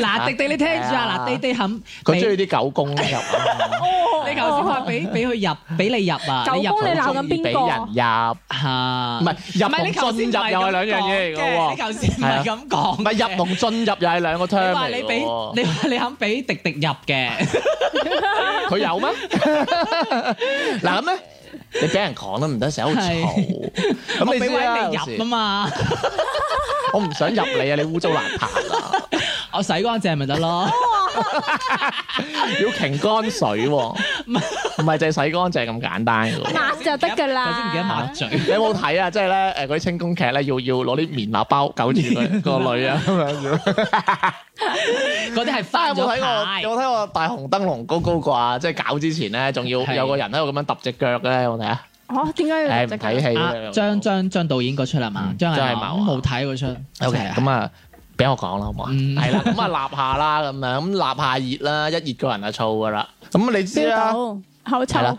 嗱，迪迪你聽住啊！嗱，迪迪肯佢中意啲狗公入啊。你頭先話俾俾佢入，俾你入啊！狗公你鬧緊邊個？俾人入嚇，唔係入同進入又係兩樣嘢嚟嘅喎。你頭先唔係咁講。唔係入同進入又係兩個 term 嚟嘅。你話你俾你話你肯俾迪迪入嘅，佢有咩？嗱咁咧。你俾人講都唔得，成日好吵。咁 你知啦，入啊嘛， 我唔想入你啊，你污糟邋遢啊！ 我洗乾淨咪得咯， 要擎乾水喎，啊，唔係淨係洗乾淨咁簡單。抹 就得噶啦，唔記得抹嘴。 你有冇睇啊？即係咧誒，嗰啲清宮劇咧，要要攞啲棉襪包救住佢 個女啊咁樣。 嗰啲係翻有冇睇過？有冇睇過大紅燈籠高高掛？即係搞之前咧，仲要有個人喺度咁樣揼隻腳嘅，有冇睇啊？哦，點解要？睇戲？張張張導演嗰出係嘛？張係嘛？冇睇嗰出。OK，咁啊，俾我講啦，好唔好係啦，咁啊，立下啦，咁樣，咁立下熱啦，一熱個人就燥噶啦，咁你知啦，好臭。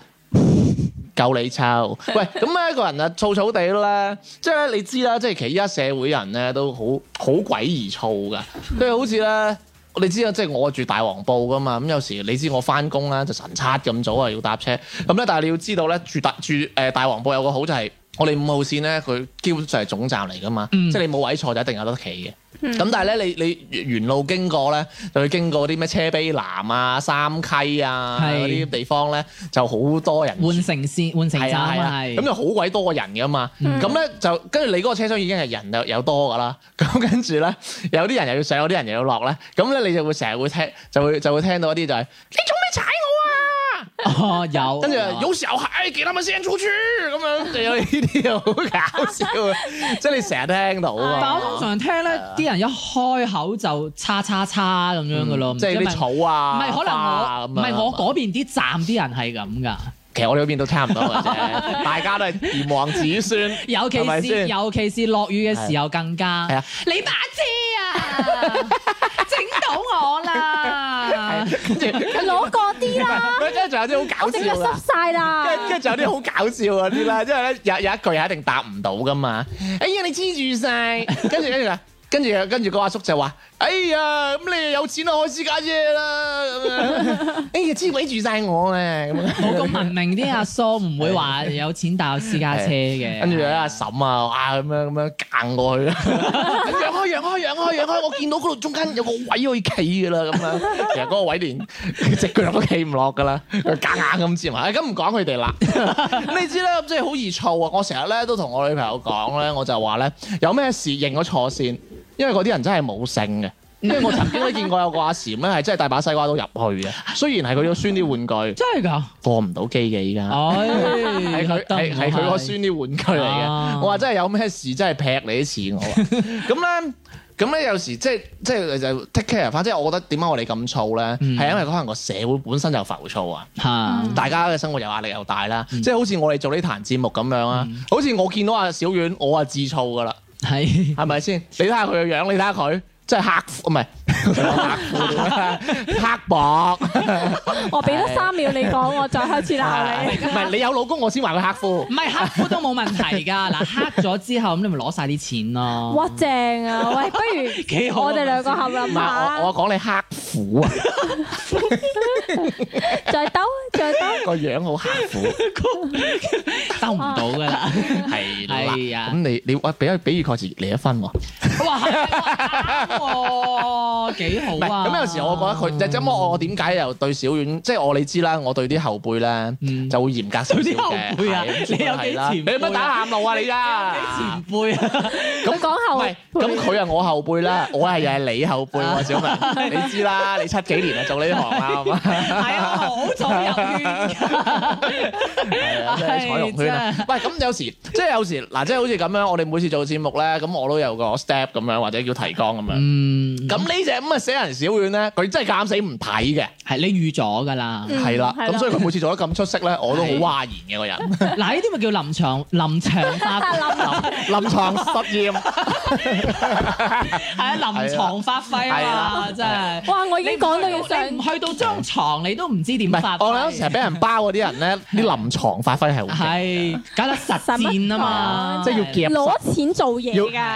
夠你抽，喂！咁咧一個人啊，燥燥地咧，即係你知啦，即係其實而家社會人咧都好好鬼易燥噶，即係好似咧，你知啦，即係我住大黃埔噶嘛，咁有時你知我返工啦，就晨七咁早啊要搭車，咁咧但係你要知道咧住大住誒大黃埔有個好就係、是。我哋五號線咧，佢基本上係總站嚟噶嘛，即係你冇位坐就一定有得企嘅。咁但係咧，你你沿路經過咧，就會經過啲咩車陂南啊、三溪啊嗰啲地方咧，就好多人換城線、換城站，咁就好鬼多人噶嘛。咁咧就跟住你嗰個車廂已經係人又有多噶啦。咁跟住咧，有啲人又要上，有啲人又要落咧。咁咧你就會成日會聽，就會就會聽到一啲就係你做咩踩我？哦，有，跟住有時候，叫他們先出去咁樣，就有呢啲好搞笑啊！即係你成日聽到啊，但我通常聽咧，啲人一開口就叉叉叉咁樣噶咯，即係啲草啊，唔係可能我唔係我嗰邊啲站啲人係咁噶。其實我哋嗰邊都差唔多嘅啫， 大家都係炎黃子孫，尤其是，是，是尤其是落雨嘅時候更加。係的啊，你把遮啊，整到我著啦，跟住攞過啲啦。佢真係仲有啲好搞笑啊！整到濕曬啦，跟跟住仲有啲好搞笑嗰啲啦，即係咧有有一句一定答唔到噶嘛。哎呀，你黐住曬，跟住跟住啦。跟住，跟住個阿叔，叔就話：哎呀，咁你又有錢啦，開私家車啦，哎呀，車位住晒我咧，我咁文明啲 阿叔唔會話有錢搭私家車嘅。 跟住阿嬸啊，啊，咁樣咁樣行過去啦，讓開讓開讓開讓開，我見到嗰度中間有個位可以企噶啦，咁啊，其實嗰個位連隻腳都企唔落噶啦，夾硬咁黐埋，咁唔講佢哋啦。你知咧，即係好易燥啊！我成日咧都同我女朋友講咧，我就話咧，有咩事認咗錯先。因為嗰啲人真係冇性嘅，因為我曾經都見過有個阿蟬咧，係真係大把西瓜都入去嘅。雖然係佢個酸啲玩具，真係噶過唔到機嘅依家，係佢係佢個酸啲玩具嚟嘅。我話真係有咩事真係劈你一次我。咁咧，咁咧有時即係即係就 take care，反正我覺得點解我哋咁燥咧，係因為可能個社會本身就浮躁啊。吓，大家嘅生活又壓力又大啦，即係好似我哋做呢壇節目咁樣啊。好似我見到阿小遠，我啊自燥噶啦。係，係咪先？你睇下佢嘅樣，你睇下佢。即係克唔係，刻薄。我俾咗三秒你講，我再開始啦。唔係你有老公，我先話佢克夫。唔係克夫都冇問題㗎。嗱，克咗之後，咁你咪攞曬啲錢咯。哇，正啊！喂，不如我哋兩個合作下。我講你克夫啊，再兜再兜。個樣好克夫，兜唔到㗎啦。係係啊。咁你你我俾一比爾蓋茨離一婚喎。哦，幾好啊！咁有時我覺得佢就咁，我點解又對小遠？即係我你知啦，我對啲後輩咧就會嚴格少少嘅。後輩啊，你有幾前輩？你乜打暗路啊？你啊？前輩啊？咁講後輩，咁佢係我後輩啦，我係又係你後輩啊，小明，你知啦，你七幾年啊做呢行啊，係嘛？係啊，好早入。係啊，彩虹圈啊。喂，咁有時即係有時嗱，即係好似咁樣，我哋每次做節目咧，咁我都有個 step 咁樣，或者叫提綱咁樣。嗯，咁呢隻咁啊，死人小遠咧，佢真係敢死唔睇嘅，係你預咗噶啦，係啦，咁所以佢每次做得咁出色咧，我都好嘩然嘅嗰人。嗱，呢啲咪叫臨床臨場發臨床實驗，係臨床發揮啊，真係。哇，我已經講到你唔去到張床，你都唔知點發。我諗成日俾人包嗰啲人咧，啲臨床發揮係好勁，係，搞得實戰啊嘛，即係要夾攞錢做嘢噶。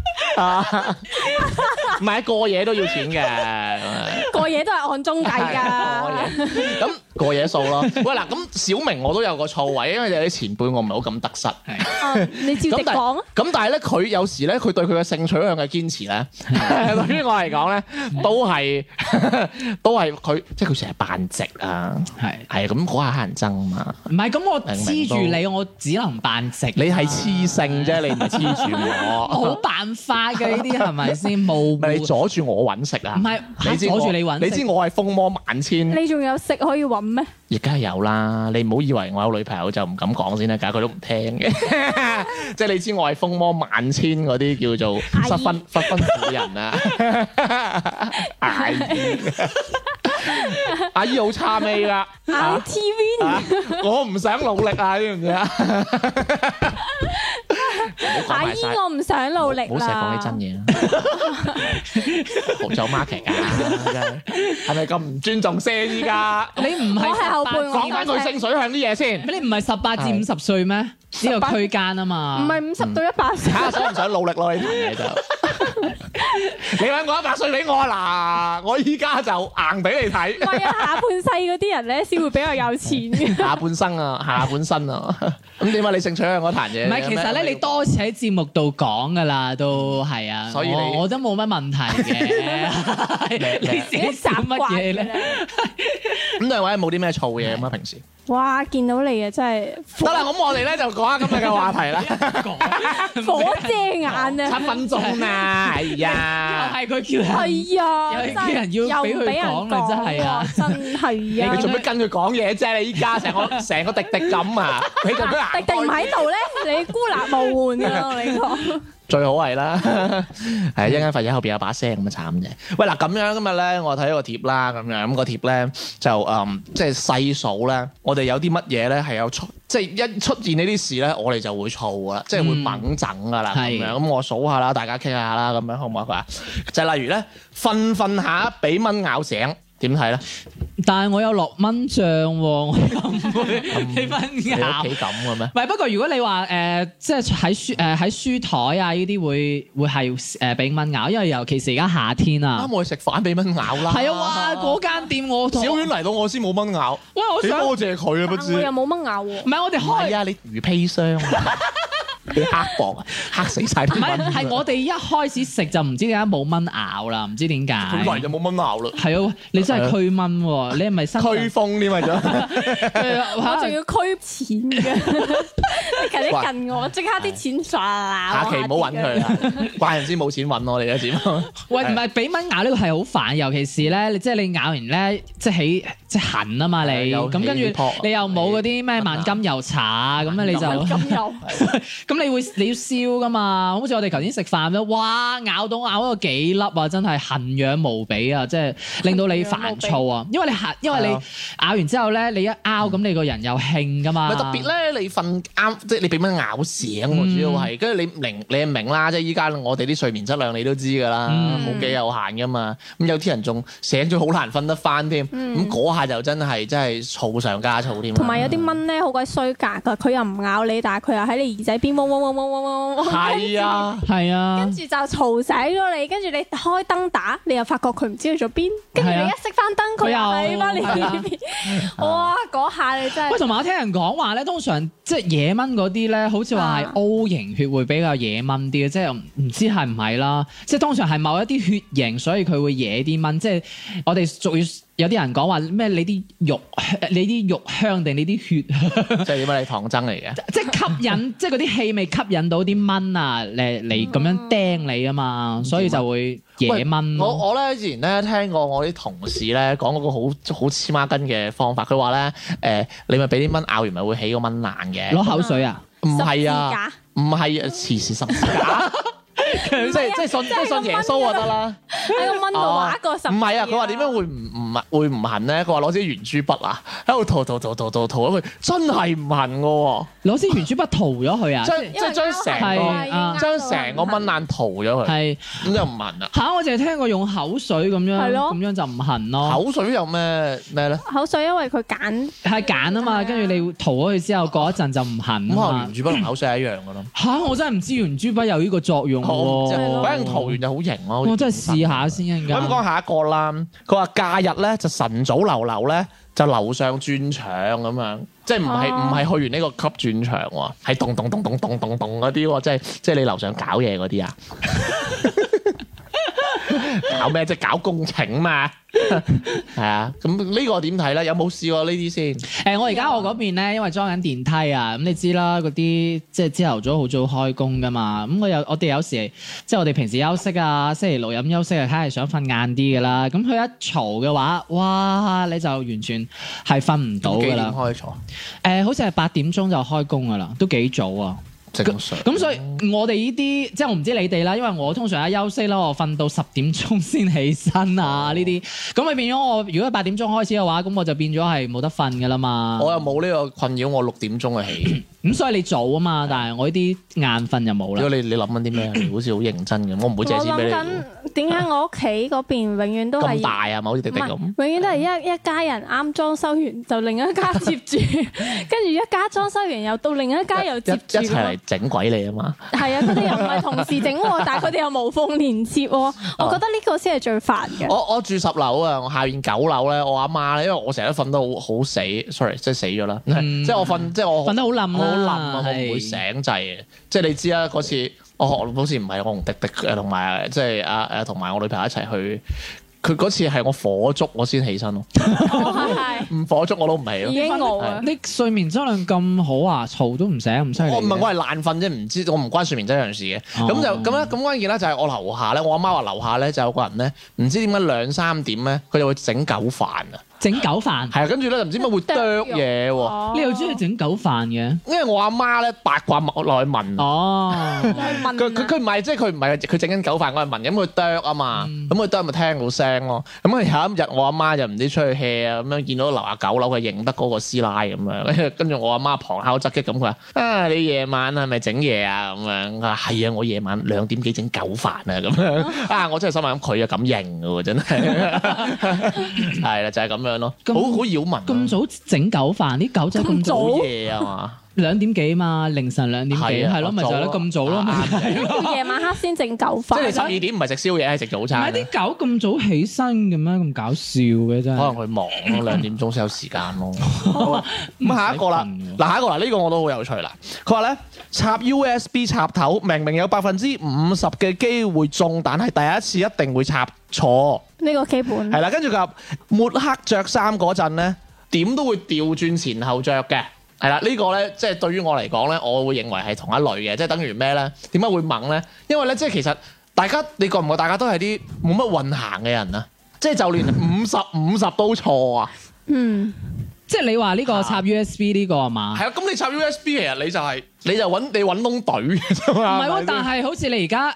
啊，唔係啊，過嘢都要錢嘅，過嘢都係按鐘計噶，咁過嘢數咯。喂嗱，咁小明我都有個錯位，因為有啲前輩我唔係好咁得失。你照直講。咁但係咧，佢有時咧，佢對佢嘅性取向嘅堅持咧，對於我嚟講咧，都係都係佢，即係佢成日扮直啊。係係咁嗰下乞人憎嘛。唔係，咁我黐住你，我只能扮直。你係黐性啫，你唔係黐住我。我扮。化嘅呢啲係咪先？冇，你阻住我揾食啊！唔係，你阻住你你知我係風魔萬千。你仲有食可以揾咩？而家有啦，你唔好以為我有女朋友就唔敢講先啦，搞佢都唔聽嘅。即係你知我係風魔萬千嗰啲叫做失婚失婚之人啊！阿姨，阿姨好差味㗎！I TV，我唔想努力啊，知唔知啊？阿姨，我唔想努力好成日講起真嘢。學做 marketing 係咪咁唔尊重生意㗎？而家，你唔係我係後輩。講翻佢性取向啲嘢先。你唔係十八至五十歲咩？呢個區間啊嘛。唔係五十到一百歲。睇下想唔想努力咯，呢排嘢就。你兩個一百歲俾我嗱，我依家就硬俾你睇。係啊，下半世嗰啲人咧先會比較有錢。 下半生啊，下半生啊。咁點解你性取係我彈嘢。唔係，其實咧你多次喺節目度講噶啦，都係啊。所以我都冇乜問題嘅。 你自己諗乜嘢咧？咁兩位冇啲咩燥嘢咁啊？ 平時？哇！見到你呀，真係得啦，咁我哋咧就講下今日嘅話題啦。火遮眼啊！七分鐘啊！哎呀，係佢叫係啊，有啲人要俾人講，你真係啊，真係啊！你做咩跟佢講嘢啫？你依家成個成個滴滴咁啊！你咁樣滴滴唔喺度咧，你孤立無援啊！你講。最好係啦，係， 一陣間發現後邊有把聲咁啊，慘嘅。喂嗱，咁樣今日咧，我睇個貼啦咁樣，咁、那個貼咧就誒，即、嗯、係、就是、細數咧，我哋有啲乜嘢咧係有即係、就是、一出現呢啲事咧，我哋就會燥噶啦，即、就、係、是、會猛整噶啦咁樣。咁我數下啦，大家傾下啦，咁樣好唔好佢話？就是、例如咧，瞓瞓下俾蚊咬醒。點睇咧？呢但係我有落蚊帳，哦，我唔會俾蚊咬。 麼你屋企咁嘅咩？唔不，不過如果你話誒、呃，即係喺書誒喺、呃、書台啊呢啲會會係誒俾蚊咬，因為尤其是而家夏天啊。啱我去食飯俾蚊咬啦。係啊，哇！嗰間店我同小遠嚟到我先冇蚊咬。哇！好多謝佢啊，不知。佢又冇蚊咬，啊。唔係我哋開。唔係啊！你魚皮箱。 俾黑薄啊，黑死晒！唔係，係我哋一開始食就唔知點解冇蚊咬啦，唔知點解，好耐就冇蚊咬啦。係啊，你真係驅蚊喎，你係咪生驅風啲咪？咗我仲要驅錢㗎，你近啲近我，即刻啲錢唰啦啦。下期唔好揾佢，怪人先冇錢揾我哋嘅錢。喂，唔係俾蚊咬呢個係好煩，尤其是咧，你即係你咬完咧，即係起即係痕啊嘛，你咁跟住你又冇嗰啲咩萬金油搽啊，咁咧你就咁又咁。你會你要燒噶嘛？好似我哋頭先食飯咁，哇咬到咬到幾粒啊！真係痕癢無比啊，即係令到你煩躁啊。因為你因為你咬完之後咧，你一咬咁、嗯、你，你個人又興噶嘛。特別咧，你瞓啱即係你俾蚊咬醒喎，嗯、主要係跟住你明你明啦。即係依家我哋啲睡眠質量你都知㗎啦，冇幾、嗯、有限㗎嘛。咁有啲人仲醒咗好難瞓得翻添。咁嗰、嗯嗯、下就真係真係燥上加燥添。同埋、嗯、有啲蚊咧好鬼衰格㗎，佢又唔咬你，但係佢又喺你耳仔邊。係啊，係啊，跟住就嘈醒咗你，跟住你開燈打，你又發覺佢唔知去咗邊，跟住你一熄翻燈，佢又喺翻你呢邊。哇，嗰下你真係。喂、啊，同埋我，我聽人講話咧，通常即係惹蚊嗰啲咧，好似話係 O 型血會比較惹蚊啲嘅，即係唔知係唔係啦。即係通常係某一啲血型，所以佢會惹啲蚊。即係我哋逐要。有啲人講話咩？你啲肉，你啲肉香定你啲血？ 即係點解你唐僧嚟嘅， 即係吸引，即係嗰啲氣味吸引到啲蚊啊，嚟嚟咁樣釘你啊嘛，嗯、所以就會惹蚊。我我咧之前咧聽過我啲同事咧講嗰個好好黐孖筋嘅方法，佢話咧誒，你咪俾啲蚊咬完咪會起個蚊爛嘅。攞口水啊？唔係啊？唔係家啊？似是十、啊、假。 即係即係信即信耶穌就得啦。喺個蚊度畫一個神。唔係啊，佢話點樣會唔唔會唔痕咧？佢話攞支圓珠筆啊，喺度塗塗塗塗塗塗咗佢，真係唔痕噶。攞支圓珠筆塗咗佢啊？即係將成個將成個蚊爛塗咗佢。係咁又唔痕啊？吓，我淨係聽過用口水咁樣咁樣就唔痕咯。口水有咩咩咧？口水因為佢鹼係鹼啊嘛，跟住你塗咗佢之後，過一陣就唔痕咯。可能圓珠筆同口水係一樣噶咯。吓，我真係唔知圓珠筆有呢個作用。反正塗完就好型咯，我真係試下先。咁講下一個啦，佢話假日咧就晨早流流咧就樓上轉場咁樣，即係唔係唔係去完呢個級轉場喎，係棟棟棟棟棟棟嗰啲喎，即係即係你樓上搞嘢嗰啲啊。搞咩？即係搞工程嘛，係啊，咁呢個點睇咧？有冇試過呢啲先？誒，我而家我嗰邊咧，因為裝緊電梯啊，咁你知啦，嗰啲即係朝頭早好早開工噶嘛。咁我有我哋有時即係我哋平時休息啊，星期六日休息，係想瞓晏啲噶啦。咁佢一嘈嘅話，哇，你就完全係瞓唔到噶啦。幾點開嘈？誒，好似係八點鐘就開工噶啦，都幾早啊。咁所以我哋呢啲即係，我唔知你哋啦，因為我通常一休息啦，我瞓到十點鐘先起身啊，呢啲，咁咪、哦、變咗我如果八點鐘開始嘅話，咁我就變咗係冇得瞓噶啦嘛。我又冇呢個困擾，我六點鐘嘅起。 咁所以你早啊嘛，但係我呢啲眼瞓就冇啦。如果你你諗緊啲咩？好似好認真咁，我唔會借錢俾你。我諗緊點解我屋企嗰邊永遠都係大啊？唔好似滴滴咁，永遠都係一一家人啱裝修完就另一家接住，跟住一家裝修完又到另一家又接住，一齊嚟整鬼你啊嘛！係啊，佢哋又唔係同時整，但係佢哋又無縫連接。我覺得呢個先係最煩嘅。我我住十樓啊，我下邊九樓咧，我阿媽咧，因為我成日都瞓得好好死，sorry，即係死咗啦，即係我瞓即係我瞓得好冧咯。好冧啊，我唔會醒滯嘅，即係你知啊。嗰次我學好似唔係我同迪迪誒，同埋即係阿誒同埋我女朋友一齊去。佢嗰次係我火燭我先起身咯，唔火燭我都唔起咯。已經餓啦。你睡眠質量咁好啊，嘈都唔醒，唔犀利。我唔係我係爛瞓啫，唔知我唔關睡眠質量事嘅。咁就咁樣，咁關鍵咧就係我樓下咧，我阿媽話樓下咧就有個人咧，唔知點解兩三點咧，佢就會整狗飯啊。整狗飯係啊，跟住咧唔知乜會啄嘢喎。你又中意整狗飯嘅？因為我阿媽咧八卦來問哦，佢佢唔係即係佢唔係佢整緊狗飯，我係問咁佢啄啊嘛，咁佢啄咪聽到聲咯。咁後有一日我阿媽就唔知出去 hea 啊，咁樣見到樓下九樓佢認得嗰個師奶咁樣，跟住我阿媽旁敲側擊咁佢話：你夜晚係咪整嘢啊？咁樣啊，係啊，我夜晚兩點幾整狗飯啊，咁樣啊，我真係心諗佢又咁認喎，真係係啦，就係、是、咁樣。咁好好擾民啊！咁早整狗飯，啲狗仔咁早夜啊嘛，兩點幾嘛，凌晨兩點幾，係咯，咪就係咯，咁早咯，夜晚黑先整狗飯。即係十二點唔係食宵夜，係食早餐。啲狗咁早起身咁樣，咁搞笑嘅真係。可能佢忙，兩點鐘先有時間咯。好啊，咁下一個啦，嗱，下一個啦，呢個我都好有趣啦。佢話咧插 USB 插頭，明明有百分之五十嘅機會中，但係第一次一定會插錯。呢個基本係啦，跟住佢抹黑着衫嗰陣咧，點都會調轉前後着嘅，係啦，呢個呢，即係對於我嚟講呢，我會認為係同一類嘅，即係等於咩呢？點解會猛呢？因為呢，即係其實大家你覺唔覺大家都係啲冇乜運行嘅人啊？即係就連五十五十都錯啊！嗯。即係你話呢、這個插 USB 呢、這個係嘛？係啊，咁吧、啊、你插 USB 其實你就係、是、你就揾你揾窿懟唔係喎，但係好似你而家誒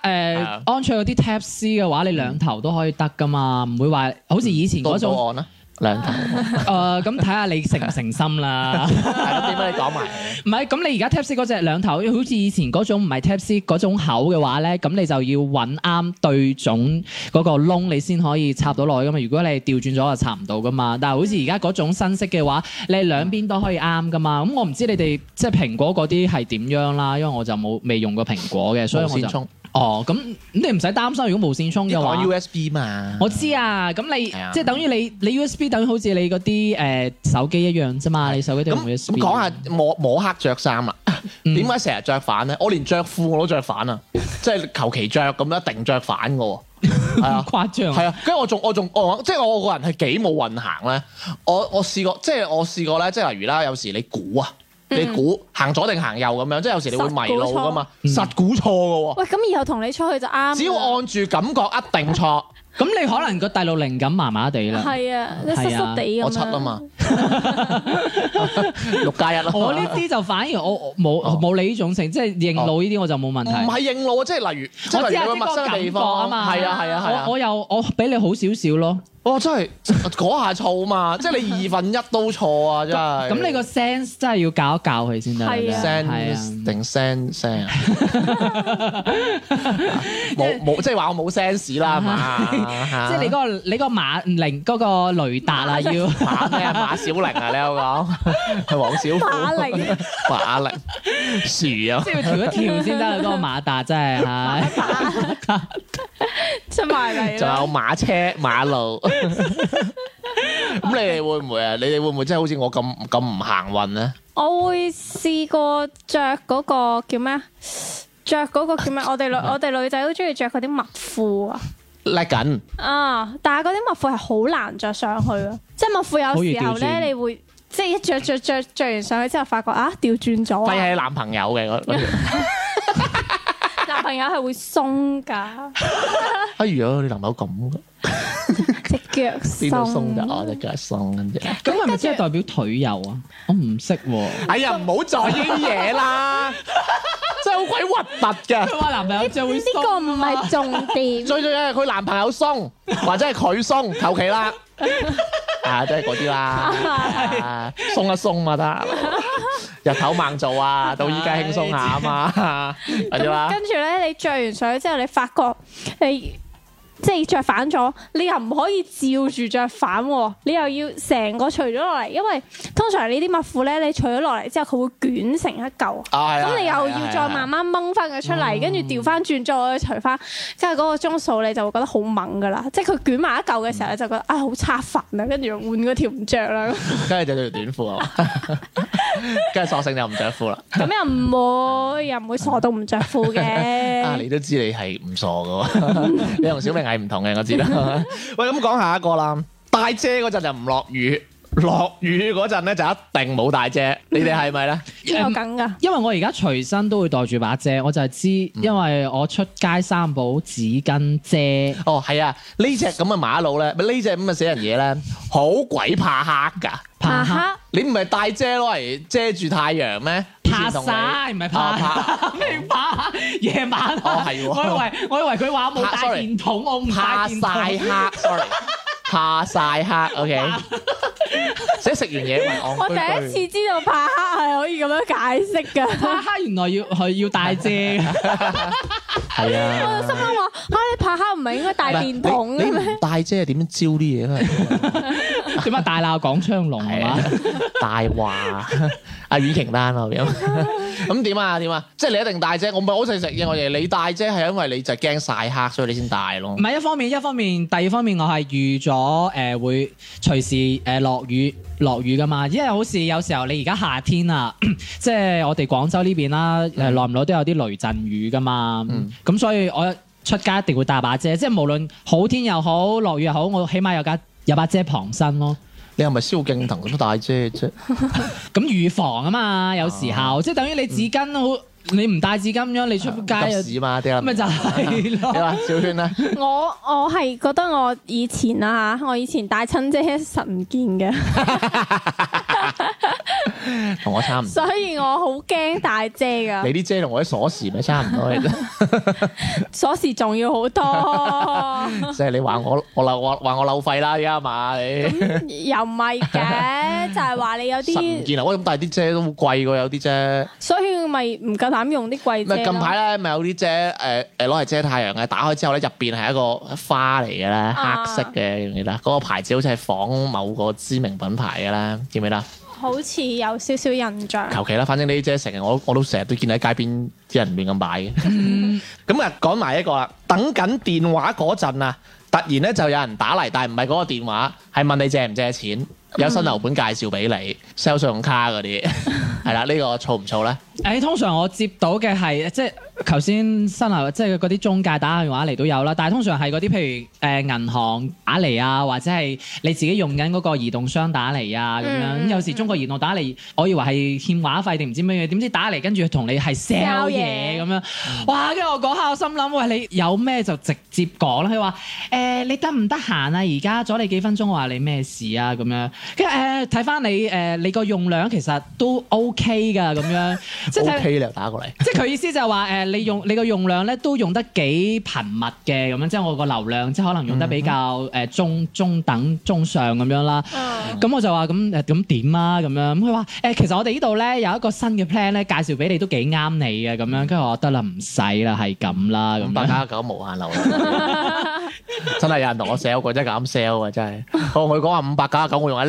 安卓嗰啲 Type-C 嘅話，你兩頭都可以得噶嘛，唔會話好似以前嗰種。案啦。兩頭，誒、 呃，咁睇下你誠唔誠心啦。係 咯，點解你講埋？唔係，咁你而家 Type C 嗰隻兩頭，好似以前嗰種唔係 Type C 嗰種口嘅話咧，咁你就要揾啱對種嗰個窿，你先可以插到落去噶嘛。如果你調轉咗就插唔到噶嘛。但係好似而家嗰種新式嘅話，你兩邊都可以啱噶嘛。咁我唔知你哋即係蘋果嗰啲係點樣啦，因為我就冇未用過蘋果嘅，所以我就。哦，咁你唔使擔心，如果無線充嘅話，玩 USB 嘛？我知啊，咁你的即係等於你你 USB 等於好似你嗰啲誒手機一樣啫嘛，的你手機都用 USB。咁講下摸摸黑着衫啊，點解成日着反咧？我連着褲我都着反， 反啊，即係求其著咁一定着反嘅喎，係啊，誇張。係啊，跟住、啊、我仲我仲我即係我，就是、我個人係幾冇運行咧。我我試過即係、就是、我試過咧，即係例如啦，有時你估啊。你估行左定行右咁樣，即係有時你會迷路噶嘛，實估錯嘅喎。嗯、喂，咁以後同你出去就啱。只要按住感覺，一定錯。 咁你可能個第六靈感麻麻地啦，係啊，你濕濕地啊，我七啊嘛，六加一咯。我呢啲就反而我冇冇你呢種性，即係認路呢啲我就冇問題。唔係認路啊，即係例如我知有啲陌生地方啊嘛，係啊係啊係啊，我又我比你好少少咯。哇，真係嗰下錯啊嘛，即係你二分一都錯啊，真係。咁你個 sense 真係要教一教佢先得，係啊，sense 定 sense sense 冇冇，即係話我冇 sense 啦，係嘛？即係你嗰個，你個馬鈴嗰個雷達啊，要馬咩啊？馬小玲啊，你有講係黃小馬鈴，馬鈴薯啊！即係要調一調先得嗰個馬達，真係吓！出埋嚟，仲有馬車、馬路咁，你哋會唔會啊？你哋會唔會真係好似我咁咁唔行運咧？我會試過着嗰個叫咩啊？着嗰個叫咩？我哋女我哋女仔都中意着嗰啲襪褲啊！拉緊啊！但係嗰啲襪褲係好難着上去啊。即係襪褲有時候咧，你會即係一着着着著完上去之後，發覺啊，調轉咗啊！廢係男朋友嘅， 男朋友係會鬆㗎。不如果你男朋友咁嘅，隻 腳弄鬆邊度鬆㗎？我隻腳鬆嘅啫。咁係咪即係代表腿幼啊？我唔識喎。哎呀，唔好再呢啲嘢啦。 好鬼核突㗎，佢話男朋友就會鬆，呢個唔係重點。 最最緊係佢男朋友鬆，或者係佢鬆，求其啦， 啊，即係嗰啲啦，鬆一鬆嘛得。 日頭猛做啊，到依家輕鬆下啊嘛，跟住咧，你著完水之後，你發覺你。即係着反咗，你又唔可以照住着反喎，你又要成個除咗落嚟，因為通常呢啲襪褲咧，你除咗落嚟之後，佢會捲成一嚿，咁你又要再慢慢掹翻佢出嚟，跟住調翻轉再除翻，即係嗰個鐘數你就會覺得好猛噶啦，即係佢捲埋一嚿嘅時候，你、嗯、就覺得啊好叉煩啊，跟住換嗰條唔着啦，跟住著條短褲啊，跟住索性就 又唔着褲啦，咁又唔會，又唔會傻到唔着褲嘅、啊啊，啊你都知你係唔傻噶，你同小明。啊係唔同嘅，我知啦。 喂，咁講下一個啦。帶遮嗰陣就唔落雨，落雨嗰陣咧就一定冇帶遮。 你哋係咪咧？有梗噶，因為我而家隨身都會袋住把遮，我就係知，嗯、因為我出街三寶紙巾遮。哦，係啊，呢隻咁嘅馬路咧，呢隻咁嘅死人嘢咧，好鬼怕黑噶，怕黑客。你唔係帶遮攞嚟遮住太陽咩？怕曬，唔係怕怕，咩怕夜、啊、 晚？我係、哦、我以為我以為佢話冇帶電筒，怕我唔帶電筒。怕曬黑，OK。食完嘢我第一次知道怕黑係可以咁樣解釋嘅，怕黑原來要去要帶遮嘅。係啊，我就心諗話吓，你怕黑唔係應該帶電筒嘅咩？帶遮點樣招啲嘢啊？點解大鬧廣昌隆係嘛？大話阿阮瓊丹啊咁，咁點啊點啊？即係你一定帶遮，我唔係好想食嘢我哋，你帶遮係因為你就驚曬黑，所以你先帶咯。唔係一方面，一方面，第二方面我係預咗。我誒、呃、會隨時誒落、呃、雨落雨噶嘛，因為好似有時候你而家夏天啊，即係我哋廣州呢邊啦、啊，誒耐唔耐都有啲雷陣雨噶嘛。咁、嗯、所以我出街一定會帶把遮，即係無論好天又好落雨又好，我起碼有架有把遮傍身咯、啊。你係咪蕭敬騰咁都帶遮啫？咁預 防啊嘛，有時候即係等於你紙巾好。啊嗯嗯你唔帶紙巾咁、啊、樣，你出街市嘛？咪、啊、就係 你話小圈啦。我我係覺得我以前啊我以前帶親遮實唔見嘅，同 我差唔。所以我好驚帶遮㗎。你啲遮同我啲鎖匙咪差唔多啫，鎖匙重要好多。即係你話我我漏我話漏費啦，而家你又唔係嘅，就係、是、話你有啲唔見啊！咁大啲遮都好貴喎，有啲遮。所以咪唔夠。濫、呃呃、用啲貴遮，咪近排咧咪有啲遮誒誒攞嚟遮太陽嘅，打開之後咧入邊係一個花嚟嘅咧，啊、黑色嘅，記唔記得？嗰、嗰個牌子好似係仿某個知名品牌嘅啦，記唔記得？好似有少少印象。求其啦，反正呢啲遮成日我我都成日都見喺街邊啲人亂咁擺嘅。咁啊，講埋一個啦，等緊電話嗰陣啊，突然咧就有人打嚟，但係唔係嗰個電話，係問你借唔借錢？有新樓盤介紹俾你，sell 信用卡嗰啲，係 啦，這個、吵吵呢個躁唔躁咧？誒、欸，通常我接到嘅係即係頭先新樓，即係嗰啲中介打電話嚟都有啦。但係通常係嗰啲譬如誒、呃、銀行打嚟啊，或者係你自己用緊嗰個移動商打嚟啊咁樣。嗯嗯、有時中國移動打嚟，我以為係欠話費定唔知乜嘢，點知打嚟跟住同你係 sell 嘢咁樣。嗯、哇！跟住我講下，我心諗喂，你有咩就直接講啦。佢話誒你得唔得閒啊？而家阻你幾分鐘，話你咩事啊？咁樣。跟住誒睇翻你誒，你個用量其實都 OK 噶，咁樣，即係 OK 咧打過嚟。即係佢意思就係話誒，你用你個用量咧都用得幾頻密嘅咁樣，即係我個流量即係可能用得比較誒中中等中上咁樣啦。咁我就話咁誒咁點啊咁樣。咁佢話誒，其實我哋呢度咧有一個新嘅 plan 咧，介紹俾你都幾啱你嘅咁樣。跟住我，得啦，唔使啦，係咁啦。五百九十九無限流量，真係有人同我 sell 過真係咁 sell 啊！真係，我同佢講話五百九十九我用喺。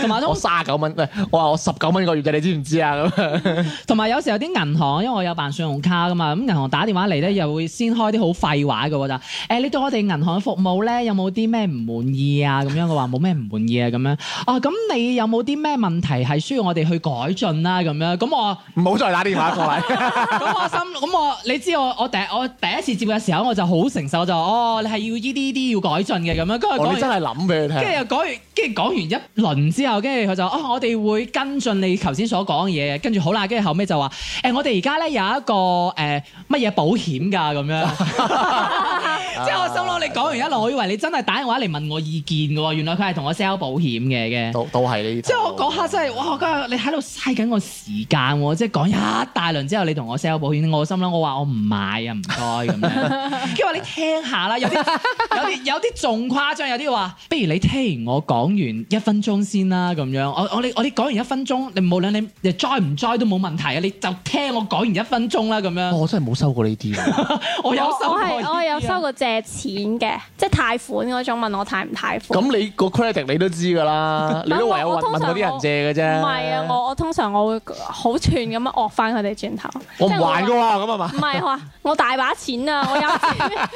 同埋 我卅九蚊，喂！我話我十九蚊一個月嘅，你知唔知啊？咁，同埋有時有啲銀行，因為我有辦信用卡噶嘛，咁銀行打電話嚟咧又會先開啲好廢話噶喎就，誒、欸，你對我哋銀行嘅服務咧有冇啲咩唔滿意，滿意啊？咁樣嘅話冇咩唔滿意啊，咁樣，哦，咁你有冇啲咩問題係需要我哋去改進啊？咁樣，咁、啊、我唔好再打電話過嚟。咁 我心，咁我你知我我第我第一次接嘅時候我就好承受，就哦，你係要呢啲啲要改進嘅咁樣，跟住改真係諗俾佢聽，跟住又講完，跟住講完一。 輪之後，跟住佢就哦，我哋會跟進你頭先所講嘅嘢。跟住好啦，跟住後尾就話誒、欸，我哋而家咧有一個誒乜嘢保險噶咁樣。 即係我心諗，你講完一路， 我以為你真係打電話嚟問我意見嘅，原來佢係同我 sell 保險嘅嘅。都係你。即係我講下真係，哇！今日、啊、你喺度嘥緊個時間，即係講一大輪之後，你同我 sell 保險，我心諗我話我唔買啊，唔該咁樣。跟住話你聽下啦，有啲有啲有啲仲誇張，有啲話，不如你聽完我講完一分鐘，先啦，咁樣我你我你我你講完一分鐘，你無論你你 join 唔 join 都冇問題啊！你就聽我講完一分鐘啦，咁樣。我真係冇收過呢啲， 我有收我。我係我有收過借錢嘅， 即係貸款嗰種，問我貸唔貸款。咁你個 credit 你都知噶啦， 你都唯有問問啲人借嘅啫。唔係啊，我我通常我會好串咁樣惡翻佢哋轉頭。我唔還噶嘛，咁啊嘛。唔係話我大把錢啊，我有錢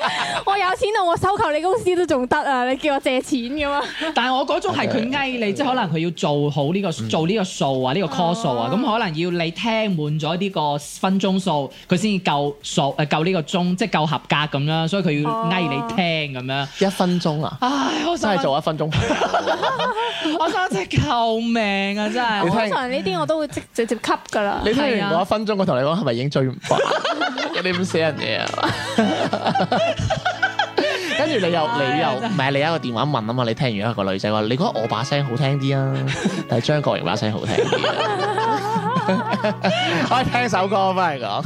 我有錢啊，我，我收購你公司都仲得啊！你叫我借錢噶嘛？ 但係我嗰種係佢翳你，你。即係可能佢要做好呢、這個、嗯、做呢個數、這個、數，數啊，呢個 call 數啊，咁可能要你聽滿咗呢個分鐘數，佢先夠數誒夠呢個鐘，即係夠合格咁樣，所以佢要嗌你聽咁樣。啊、一分鐘啊！唉，我真係做一分鐘，我想即係 救命啊！真係，通聽常呢啲我都會直直接 cut 噶啦。你睇完我一分鐘，我同你講係咪已經追唔返？你唔寫人哋啊！ 跟住你又你又唔係，你有一個電話問啊嘛，你聽完一個女仔話，你覺得我把聲好聽啲啊？但係張國榮把聲好聽啲， 可以聽首歌我翻嚟講。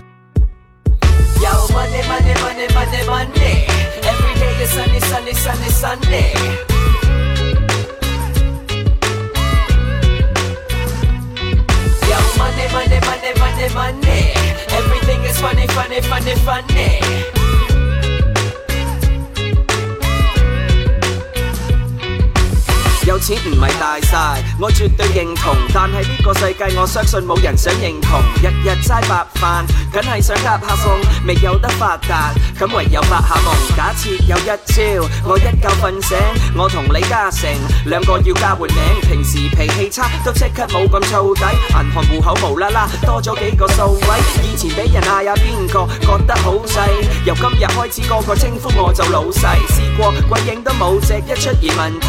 有錢唔係大晒，我絕對認同。但係呢個世界，我相信冇人想認同。日日齋白飯，梗係想夾下餸，未有得發達，咁唯有發下夢。假設有一朝我一覺瞓醒，我同李嘉誠兩個要交換名。平時脾氣差都即刻冇咁燥底，銀行戶口無啦啦多咗幾個數位。以前俾人嗌呀邊個覺得好細，由今日開始個個稱呼我就老細。試過鬼影都冇隻，一出現問題。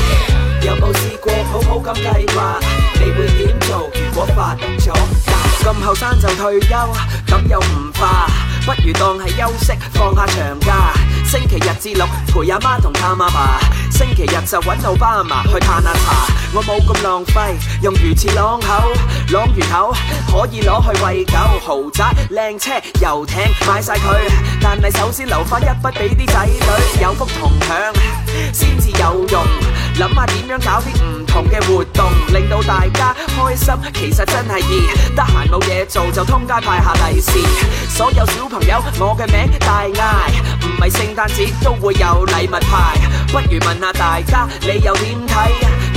有冇試過好好咁計劃？你會點做？如果發咗咁後生就退休，咁又唔化，不如當係休息，放下長假。星期日至六陪阿媽同探阿爸，星期日就揾奧巴馬去嘆下茶。我冇咁浪費，用魚翅啷口，啷魚頭可以攞去餵狗。豪宅靚車遊艇買晒佢，但係首先留返一筆俾啲仔女，有福同享先至有用。諗下點樣搞啲唔同嘅活動，令到大家開心，其實真係易。得閒冇嘢做就通街派下利是，所有小朋友我嘅名 TVs, 大嗌，唔係聖誕節都會有禮物派。不如問下大家，你又點睇？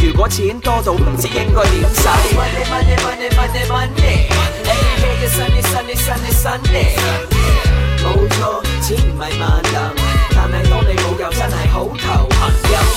如果錢多到唔知應該點使？冇錯、hey, money money money money money, hey, hey, sunny sunny sunny sunny sunny，錢唔係萬能，但係當你冇又真係好頭。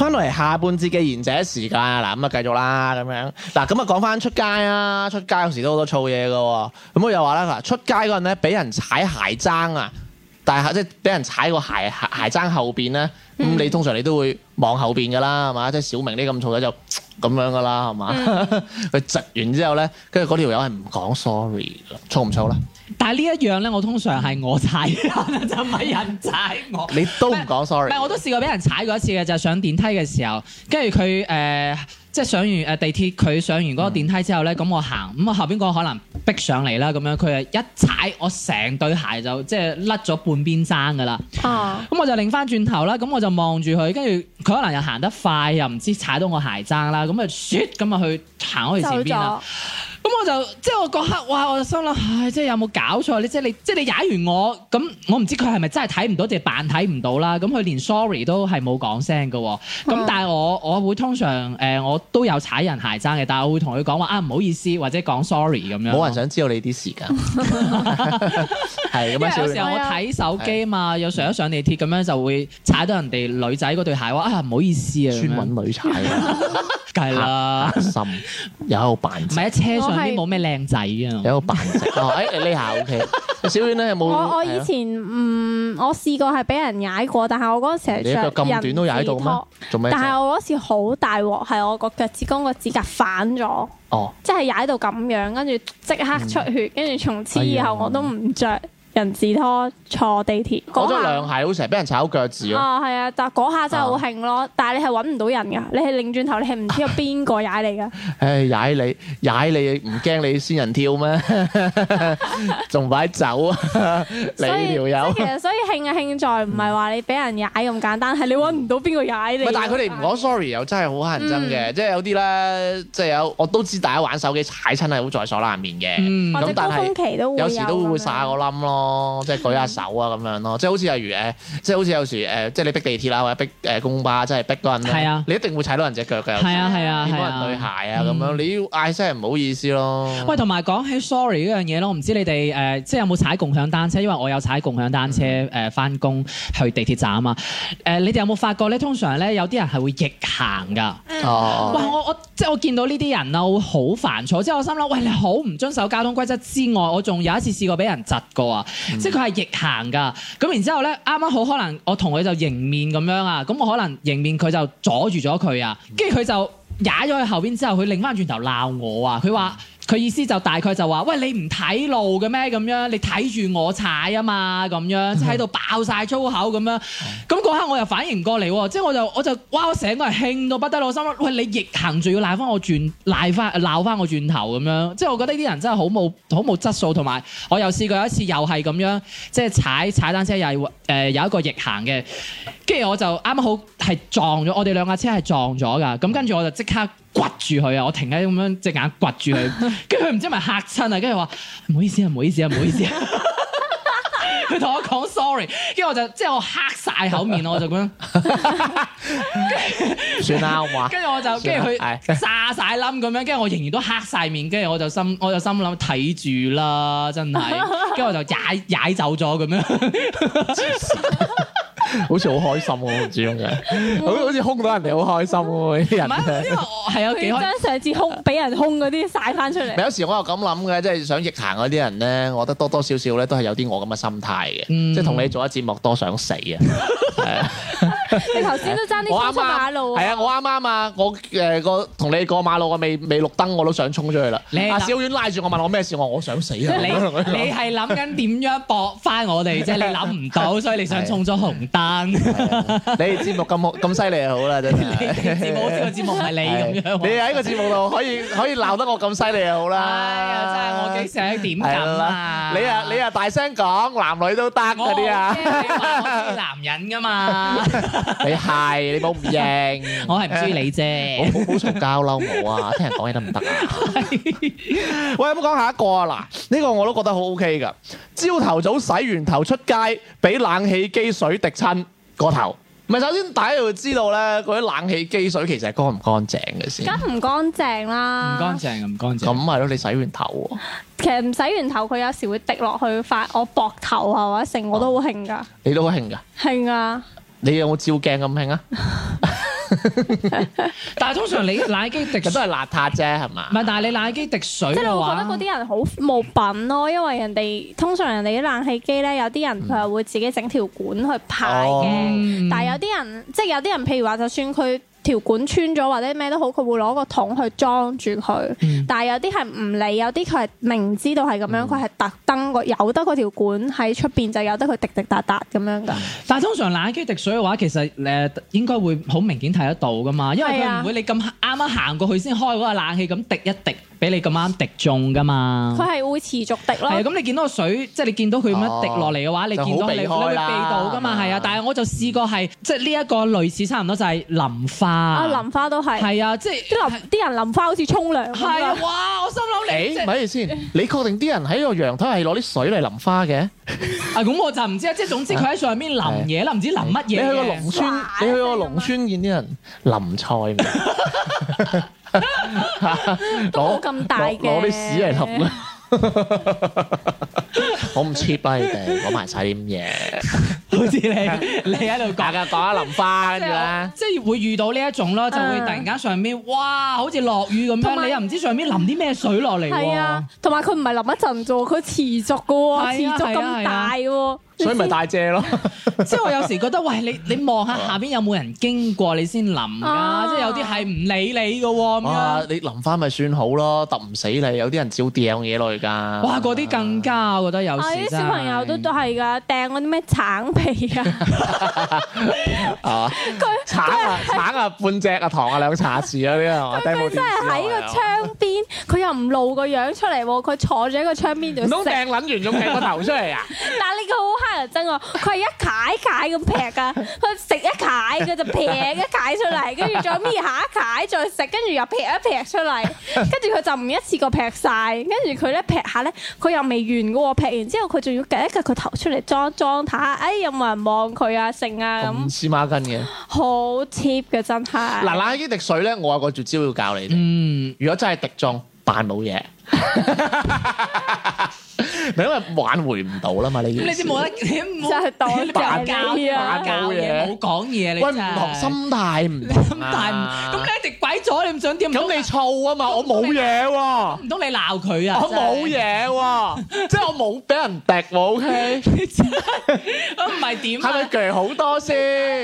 翻嚟下半節嘅賢者時間啊，嗱咁啊繼續啦咁樣，嗱咁啊講翻出街啊，出街嗰時都好多燥嘢噶，咁我又話啦，出街嗰陣咧俾人踩鞋踭啊，但係即係俾人踩個鞋鞋踭後邊咧，咁你、嗯、通常你都會望後邊噶啦，係嘛？即係小明啲咁燥嘢就咁樣噶啦，係嘛？佢窒 完之後咧，跟住嗰條友係唔講 sorry 嘅，燥唔燥咧？但係呢一樣咧，我通常係我踩，就唔係人踩我。 你都唔講 sorry。唔係，我都試過俾人踩過一次嘅，就係、是、上電梯嘅時候，跟住佢誒，即係上完誒地鐵，佢上完嗰個電梯之後咧，咁、嗯、我行，咁我後邊嗰個可能逼上嚟啦，咁樣佢誒一踩，我成對鞋就即係甩咗半邊踭噶啦。啊！咁我就擰翻轉頭啦，咁我就望住佢，跟住佢可能又行得快，又唔知踩到我鞋踭啦，咁啊雪，h u t 咁啊去行開去前邊啦。咁我就即係我嗰刻，哇！我就心諗，唉，即係有冇搞錯？你即係你即係你踩完我，咁我唔知佢係咪真係睇唔到，只扮睇唔到啦。咁佢連 sorry 都係冇講聲嘅。咁但係我我會通常誒、呃，我都有踩人鞋踭嘅，但係我會同佢講話啊，唔好意思，或者講 sorry 咁樣。冇人想知道你啲時間係，咁啊！有時候我睇手機啊嘛， 啊又上一上地鐵咁樣就會踩到人哋女仔嗰對鞋，啊，唔好意思啊，專揾女踩啊，梗係啦樣，心 有扮唔係一 係冇咩靚仔啊，你有個白人啊，誒呢下 OK。小丸咧有冇？我我以前唔，我試過係俾人踩過，但係我嗰陣時係著人字拖，你隻腳咁短都踩到，做咩？但係我嗰時好大鑊，係我個腳趾公個指甲反咗。哦，即係踩到咁樣，跟住即刻出血，跟住從此以後我都唔着。哎人字拖坐地鐵，攞咗涼鞋，好成日俾人踩到腳趾咯。啊，係啊，但嗰下真係好慶咯，但係你係搵唔到人噶，你係擰轉頭，你係唔知有邊個踩你噶。唉，踩你，踩你唔驚你仙人跳咩？仲快走啊！你條友其實所以慶啊慶在唔係話你俾人踩咁簡單，係你搵唔到邊個踩你。但係佢哋唔講 sorry 又真係好乞人憎嘅，即係有啲咧，即係有我都知大家玩手機踩親係好在所難免嘅。咁或者高峰期都會有時都會撒個冧咯。哦、嗯呃，即係舉下手啊，咁樣咯，即係好似例如誒，即係好似有時誒，即係你逼地鐵啦，或者逼誒公巴，即係逼個人，係是啊，你一定會踩到人隻腳㗎，係啊係啊，踩、啊啊、到人對鞋啊咁樣，嗯、你要嗌聲唔好意思咯。喂，同埋講起 sorry 嗰樣嘢咯，唔知你哋誒、呃，即係有冇踩共享單車？因為我有踩共享單車誒，返工、嗯呃、去地鐵站啊嘛。誒、呃，你哋有冇發覺咧？通常咧有啲人係會逆行㗎。嗯嗯嘩 哇，我我即係我見到呢啲人啊，會好煩躁。即係我心諗，喂，你好唔遵守交通規則之外，我仲有一次試過俾人窒過啊！嗯、即係佢係逆行㗎，咁然之後咧，啱啱好可能我同佢就迎面咁樣啊，咁我可能迎面佢就阻住咗佢啊，跟住佢就踩咗去後邊之後，佢擰翻轉頭鬧我啊，佢話。嗯佢意思就大概就話：喂，你唔睇路嘅咩？咁樣你睇住我踩啊嘛，咁樣、嗯、即喺度爆晒粗口咁樣。咁嗰、嗯、刻我又反應過嚟，即係我就我就哇！我成個人興到不得咯，我心諗：喂，你逆行仲要賴翻我轉賴翻鬧翻我轉頭咁樣。即係我覺得呢啲人真係好冇好冇質素，同埋我又試過有一次又係咁樣，即係踩踩單車又係誒有一個逆行嘅。跟住我就啱好係撞咗，我哋兩架車係撞咗㗎。咁跟住我就即刻。掘住佢啊！我停喺咁樣隻眼掘住佢，跟住佢唔知係咪嚇親啊！跟住話唔好意思啊，唔好意思啊，唔好意思啊！佢同 我講 sorry，跟住我就即係我黑晒口面，我就咁樣 算啦了，好嘛？跟住我就跟住佢炸晒冧咁樣，跟住我仍然都黑晒面，跟住 我就心我就心諗睇住啦，真係，跟住我就踩踩走咗咁樣。 好似好開心咁、啊，唔知點解，好好似控到人哋好開心咁。唔係，係啊，幾 開 上次控俾人控嗰啲曬翻出嚟。有時我又咁諗嘅，即係想逆行嗰啲人咧，我覺得多多少少咧都係有啲我咁嘅心態嘅，嗯、即係同你做一節目多想死啊，係啊。你頭先都爭啲衝出馬路啊！係啊，我啱啱啊，我誒個同你過馬路，我未未綠燈，我都想衝出去啦。阿小婉拉住我問我咩事，我我想死啊！你你係諗緊點樣搏翻我哋啫？你諗唔到，所以你想衝咗紅燈。你節目咁好咁犀利就好啦，真係。你節目呢個節目係你咁樣。你喺個節目度可以可以鬧得我咁犀利就好啦。哎呀，真係我幾想點講啊！你啊你啊，大聲講，男女都得嗰啲啊！男人㗎嘛。你係你冇唔認 我，我係唔知你啫。好好冇嘈交，嬲冇啊！聽人講嘢得唔得啊？喂，冇講下一個啊！嗱，呢個我都覺得好 O K 噶。朝頭早洗完頭出街，俾冷氣機水滴親個頭，咪首先大家要知道咧，嗰啲冷氣機水其實係乾唔乾淨嘅先。梗唔乾淨啦，唔乾淨唔乾淨。咁係咯，你洗完頭，其實唔洗完頭，佢有時會滴落去發我膊頭，係咪成我都好興噶？你都好興噶？興啊！你有冇照鏡咁興啊？但係通常你冷氣機滴嘅都係邋遢啫，係嘛？唔係，但係你冷氣機滴水。即係我覺得嗰啲人好冇品咯，因為人哋通常人哋啲冷氣機咧，有啲人佢係會自己整條管去排嘅，嗯、但係有啲人，即係有啲人，譬如話就算佢。條管穿咗或者咩都好，佢會攞個桶去裝住佢。嗯、但係有啲係唔理，有啲佢係明知道係咁樣，佢係特登個有得嗰條管喺出邊就有得佢滴滴答答咁樣㗎。但係通常冷氣滴水嘅話，其實誒應該會好明顯睇得到㗎嘛，因為佢唔會你咁啱啱行過去先開嗰個冷氣咁滴一滴。俾你咁啱滴中噶嘛？佢係會持續滴咯。係咁你見到個水，即係你見到佢咁樣滴落嚟嘅話，你見到你會避到噶嘛？係啊，但係我就試過係，即係呢一個類似差唔多就係淋花。啊，淋花都係。係啊，即係啲啲人淋花好似沖涼咁啊！係啊，哇！我心諗你，睇住先，你確定啲人喺個陽台係攞啲水嚟淋花嘅？啊，咁我就唔知啊。即係總之佢喺上面淋嘢啦，唔知淋乜嘢。你去個農村，你去個農村見啲人淋菜。攞咁 拿大嘅，攞啲屎嚟淋啦！好唔 cheap 你哋攞埋晒啲嘢， 好似你你喺度講，大家講一淋花跟住咧，即係會遇到呢一種咯，就會突然間上面、嗯、哇，好似落雨咁樣，有你又唔知上面淋啲咩水落嚟。係啊，同埋佢唔係淋一陣啫，佢持續噶，持續咁大。所以咪大借咯，即係我有時覺得，喂，你你望下下邊有冇人經過你先淋㗎，即係有啲係唔理你嘅喎。啊，你淋翻咪算好咯，揼唔死你。有啲人照掟嘢落嚟㗎。哇，嗰啲更加我覺得有時。啲小朋友都都係㗎，掟嗰啲咩橙皮啊，佢橙啊橙啊半隻啊糖啊兩茶匙啊啲啊。佢真係喺個窗邊，佢又唔露個樣出嚟喎，佢坐咗喺個窗邊度食。好掟撚完仲掟個頭出嚟啊！但係呢個好真喎，佢係一解一解咁劈噶，佢食 一解，佢就劈一解出嚟，跟住再搣下一解，再食，跟住又劈一劈出嚟，跟住佢就唔一次過劈晒，跟住佢咧劈下咧，佢又未完噶喎，劈完之後佢仲要夾一夾佢頭出嚟裝裝，睇下，啊，哎有冇人望佢啊剩啊咁。黐孖筋嘅，好 cheap 嘅真係。嗱嗱，呢滴水咧，我有個絕招要教你。嗯，如果真係滴中，扮冇嘢。唔係因為挽回唔到啦嘛，你咁你先冇得，你唔好扮教嘢，扮教嘢，唔好講嘢。你喂唔同心態唔心態唔咁你敵鬼咗，你唔想點？咁你燥啊嘛，我冇嘢喎，唔通你鬧佢啊？我冇嘢喎，即係我冇俾人敵喎，O K？我唔係點啊？睇佢強好多先？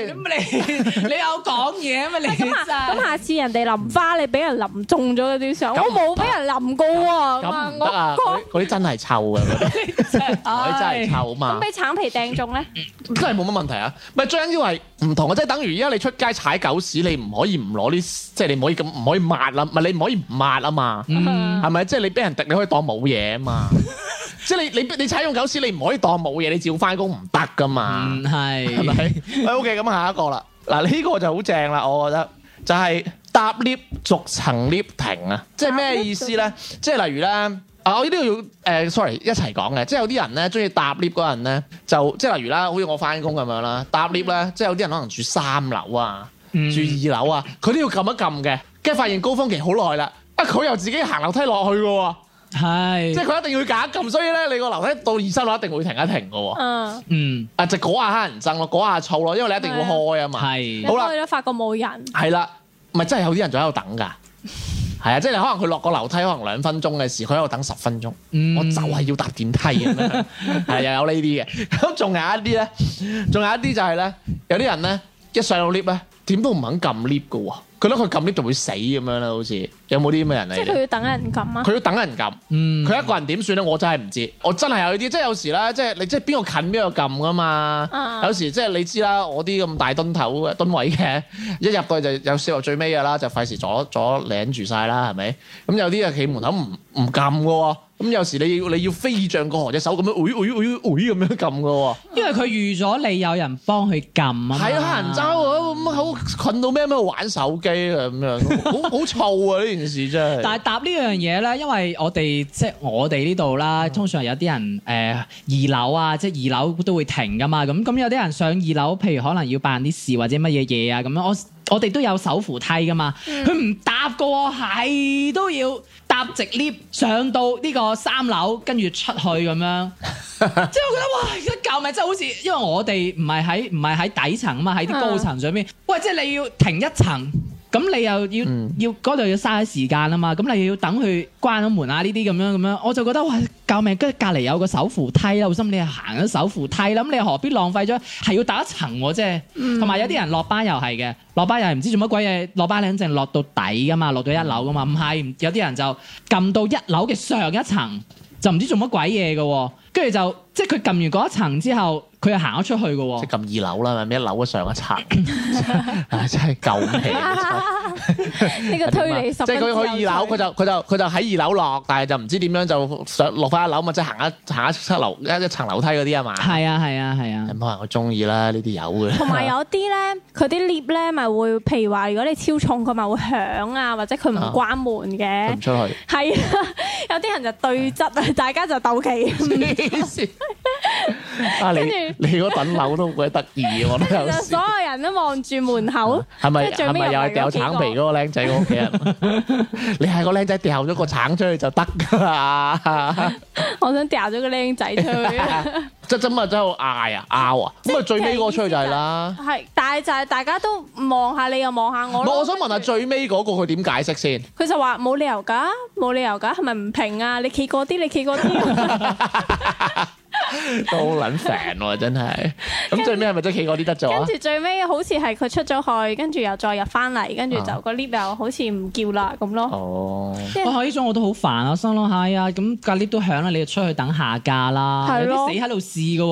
咁你你有講嘢啊嘛？你咁咁下次人哋淋花，你俾人淋中咗嗰啲相，我冇俾人淋過喎。咁唔得啊！嗰啲我真係臭嘅，嗰啲 真係的 臭啊嘛！俾橙皮掟中咧，真係冇乜問題啊！咪最緊要係唔同啊！即係等於依家你出街踩狗屎，你唔可以唔攞啲，即、就、係、是、你唔可以咁唔可以抹啦！咪你唔可以唔抹啊嘛！係咪、嗯？即係、就是、你俾人掟，你可以當冇嘢啊嘛！即係 你你你踩用狗屎，你唔可以當冇嘢，你照翻工唔得噶嘛！唔係、嗯，係咪 ？OK，咁下一個啦。嗱，呢個就好正啦，我覺得就係、是。搭 lift 逐層 lift 停啊！即係咩意思咧？即係例如咧，啊，我呢啲要誒、呃、sorry，一齊講嘅，即係有啲人咧中意搭 lift 嗰人咧，就即係例如啦，好似我翻工咁樣啦，搭 lift 咧，嗯、即係有啲人可能住三樓啊，住二樓啊，佢都要撳一撳嘅，跟住發現高峯期好耐啦，啊，佢又自己行樓梯落去嘅喎，係，是 即係佢一定要撳一撳，所以咧你個樓梯到二三樓一定會停一停嘅喎，嗯，嗯，啊就嗰下乞人憎咯，嗰下躁咯，因為你一定要開啊嘛，係的，好啦，發覺冇人，係啦。唔係真係有啲人仲喺度等㗎，係啊， 即係你可能佢落個樓梯可能兩分鐘嘅事，佢喺度等十分鐘，我就係要搭電梯啊，係 又有呢啲嘅。咁仲有一啲咧，仲有一啲就係、是、咧，有啲人咧一上到 lift 咧，點都唔肯撳 lift 嘅。佢諗佢撳 lift 就會死咁樣啦，好似有冇啲咁嘅人嚟？即係佢要等人撳啊！佢要等人撳，佢、嗯、一個人點算咧？我真係唔知，我真係有啲即係有時咧，即係你即係邊個近邊個撳㗎嘛？有時即係你知啦，我啲咁大墩頭墩位嘅，一入到嚟就有算係最尾㗎啦，就費事阻阻擋住晒啦，係咪？咁有啲啊企門口唔唔撳嘅喎。咁、嗯、有時你要你要飛象過河，隻手咁樣，喎喎喎喎咁樣撳噶喎，因為佢預咗你有人幫佢撳啊。喺黑人周啊，咁好困到咩咩玩手機啊咁樣，好好 燥啊呢 件事真係。但係搭呢樣嘢咧，因為我哋即係我哋呢度啦，通常有啲人誒、呃、二樓啊，即係二樓都會停噶嘛。咁咁有啲人上二樓，譬如可能要辦啲事或者乜嘢嘢啊咁樣，我我哋都有手扶梯噶嘛，佢唔搭個喎，係都要。搭直 lift 上到呢個三樓，跟住出去咁樣， 即係我覺得哇，家嚿咪真係好似，因為我哋唔係喺唔係喺底層啊嘛，喺啲高層上面，啊、喂，即係你要停一層。咁你又要、嗯、要嗰度要嘥時間啊嘛，咁你又要等佢關咗門啊呢啲咁樣咁樣，我就覺得哇救命！跟隔籬有個手扶梯啦，好心你行咗手扶梯，咁你何必浪費咗？係要打一層啫，同埋、嗯、有啲人落班又係嘅，落班又係唔知做乜鬼嘢，落班你肯定落到底噶嘛，落到一樓噶嘛，唔係有啲人就撳到一樓嘅上一層，就唔知做乜鬼嘢嘅。跟住就，即係佢撳完嗰一層之後，佢又行咗出去嘅喎。即係撳二樓啦，咪一樓上一層，真係夠味。呢個推理十，即係佢去二樓，佢就佢就佢就喺二樓落，但係就唔知點樣就上落翻一樓嘛，即係行一行一樓一層樓梯嗰啲啊嘛。係啊係啊係啊，冇人會中意啦，呢啲有嘅。同埋有啲咧，佢啲 lift 咧咪會，譬如話如果你超重，佢咪會響啊，或者佢唔關門嘅。撳出去。係啊，有啲人就對質啊，大家就鬥氣。啊！你你嗰棟樓都好鬼得意喎，所有人都望住門口，係咪係咪又係掉橙皮嗰個靚仔個屋企人？你係個靚仔掉咗個橙出去就得噶啦！我想掉咗個靚仔出去，即真即係真係嗌啊拗啊？咁啊，最尾嗰個出去就係啦。係，但係就係大家都望下你又望下我。我我想問下最尾嗰個佢點解釋先？佢就話冇理由噶，冇理由噶，係咪唔平啊？你企過啲，你企過啲。 都好撚煩喎，真係。咁最尾係咪都企嗰啲得咗啊？跟住最尾，好似係佢出咗去，跟住又再入翻嚟，跟住就嗰 lift 又好似唔叫啦咁咯。Oh. Yeah. 哦，哇！呢種我都好煩啊，收窿下啊。咁隔 lift 都響啦，你就出去等下架啦。係咯的。有啲死喺度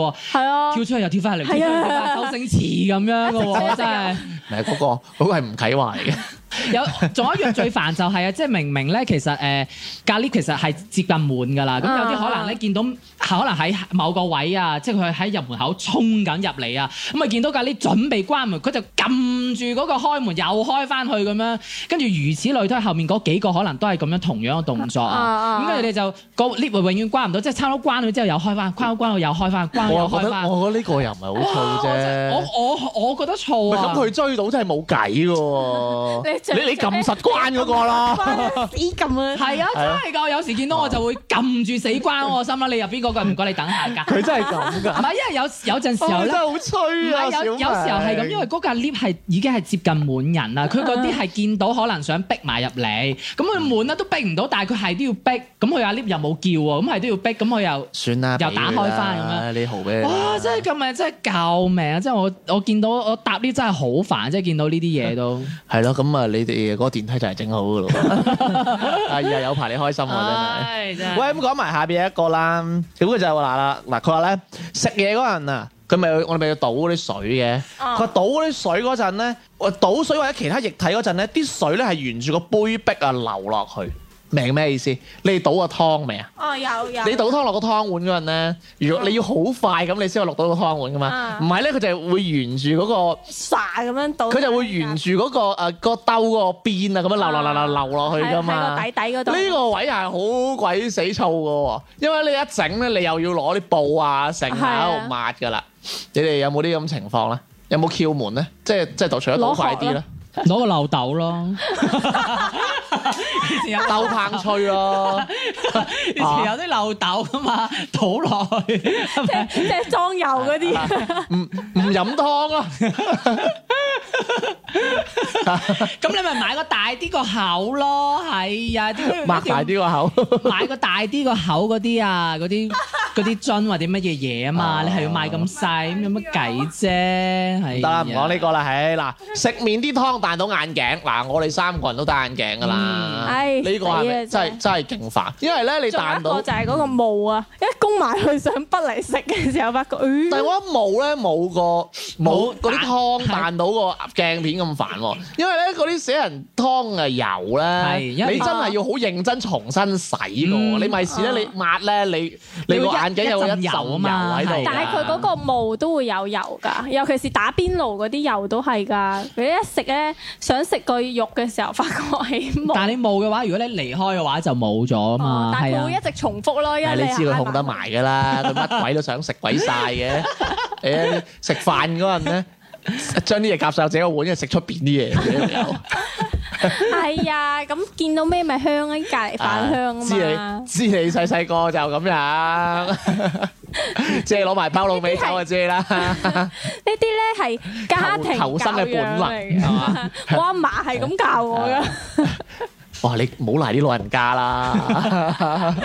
試噶，係啊的。跳出去又跳翻嚟，周的星馳咁樣噶，啊，真係。嗱， 嗰，那個嗰，那個係吳啟華嘅。 有仲一樣最煩就係、是、啊，即係明明咧，其實誒 𨋢 其實係接近滿㗎啦，咁有啲可能咧見到可能喺某個位啊，即係佢喺入門口衝緊入嚟啊，咁啊見到 𨋢 準備關門，佢就撳住嗰個開門又開翻去咁樣，跟住如此類推，後面嗰幾個可能都係咁樣同樣嘅動作啊。咁跟住你就個 lift 永遠關唔到，即係差唔多關咗之後又開翻，關咗又開翻，關又開翻。我覺得呢個又唔係好燥啫。我我我覺得燥啊。唔係咁佢追到真係冇計喎。 你你撳實關嗰個咯，死撳啊！係、嗯、 啊，真係噶！我有時見到我就會撳住死關我心諗。 你入邊嗰個唔該，你等一下架。佢 真係咁㗎，唔係因為有有陣時候咧，真係好吹啊！有、啊、有時候係咁，因為嗰架 lift 係已經係接近滿人啦，佢嗰啲係見到可能想逼埋入嚟，咁佢滿啦都逼唔到，但係佢係都要逼，咁佢啊 lift 又冇叫喎，咁係都要逼，咁佢又，又算啦了，又打開翻咁樣。你哇！真係救命！真係救命！即係我我見到我搭 lift 真係好煩，即係見到呢啲嘢都係咯。咁啊！ 你哋嗰電梯就係整好嘅咯，啊 以後有排你開心喎、哎，真係。喂，咁講埋下邊一個啦，咁佢就係話啦，嗱佢話咧食嘢嗰人啊，佢咪我哋咪要倒嗰啲水嘅，佢話、哦、倒嗰啲水嗰陣咧，話倒水或者其他液體嗰陣咧，啲水咧係沿住個杯壁啊流落去。明咩意思？你哋倒個湯未啊？哦有有。你倒湯落個湯碗嗰陣咧，如果你要好快咁，你先可以落到個湯碗噶嘛。唔係咧，佢就係會沿住嗰個撒咁樣倒。佢就會沿住嗰個誒個兜個邊啊，咁樣流流流流流落去噶嘛。喺個底底嗰度。呢個位係好鬼死燥噶喎，因為你一整咧，你又要攞啲布啊、成日喺度抹噶啦。你哋有冇啲咁情況咧？有冇竅門咧？即係即係就除咗倒快啲啦。攞個漏斗咯，以前有豆棒脆咯，以前有啲漏斗噶嘛，倒落去，即係即係裝油嗰啲，唔唔 飲湯咯，啊。 咁你咪買個大啲個口咯，係呀，擘大啲個口，買個大啲個口嗰啲啊，嗰啲嗰啲樽或者乜嘢嘢啊嘛，你係要買咁細，咁有乜計啫？係得啦，唔講呢個啦，係嗱食麵啲湯彈到眼鏡，嗱我哋三個人都戴眼鏡噶啦，呢個係咩真係真係勁煩，因為咧你彈到就係嗰個霧啊，一供埋佢上筆嚟食嘅時候發覺，但係我一冇咧冇個冇嗰啲湯彈到個鏡片個。咁煩因為咧嗰啲死人湯啊油啦，的你真係要好認真重新洗個、嗯，你咪試咧你抹咧你你眼鏡有一一油啊嘛，但係佢嗰個霧都會有油噶，尤其是打邊爐嗰啲油都係噶，你一食咧想食個肉嘅時候，發覺起霧但係你霧嘅話，如果你離開嘅話就冇咗啊嘛，係啊，一直重複咯，因為你,你知佢控得埋㗎啦，乜鬼都想食鬼晒嘅，誒食、 哎、飯嗰陣咧。將啲嘢夾晒我自己個碗，又食出邊啲嘢。係、 哎、啊，咁見到咩咪香喺隔籬飯香啊嘛。知你，知你細細個就咁樣，即係攞埋包滷味走就啫。啦。 呢啲咧係家庭 求，求生嘅本能，係嘛？ 我阿嫲係咁教我噶。 哇、哦！你唔好鬧啲老人家啦，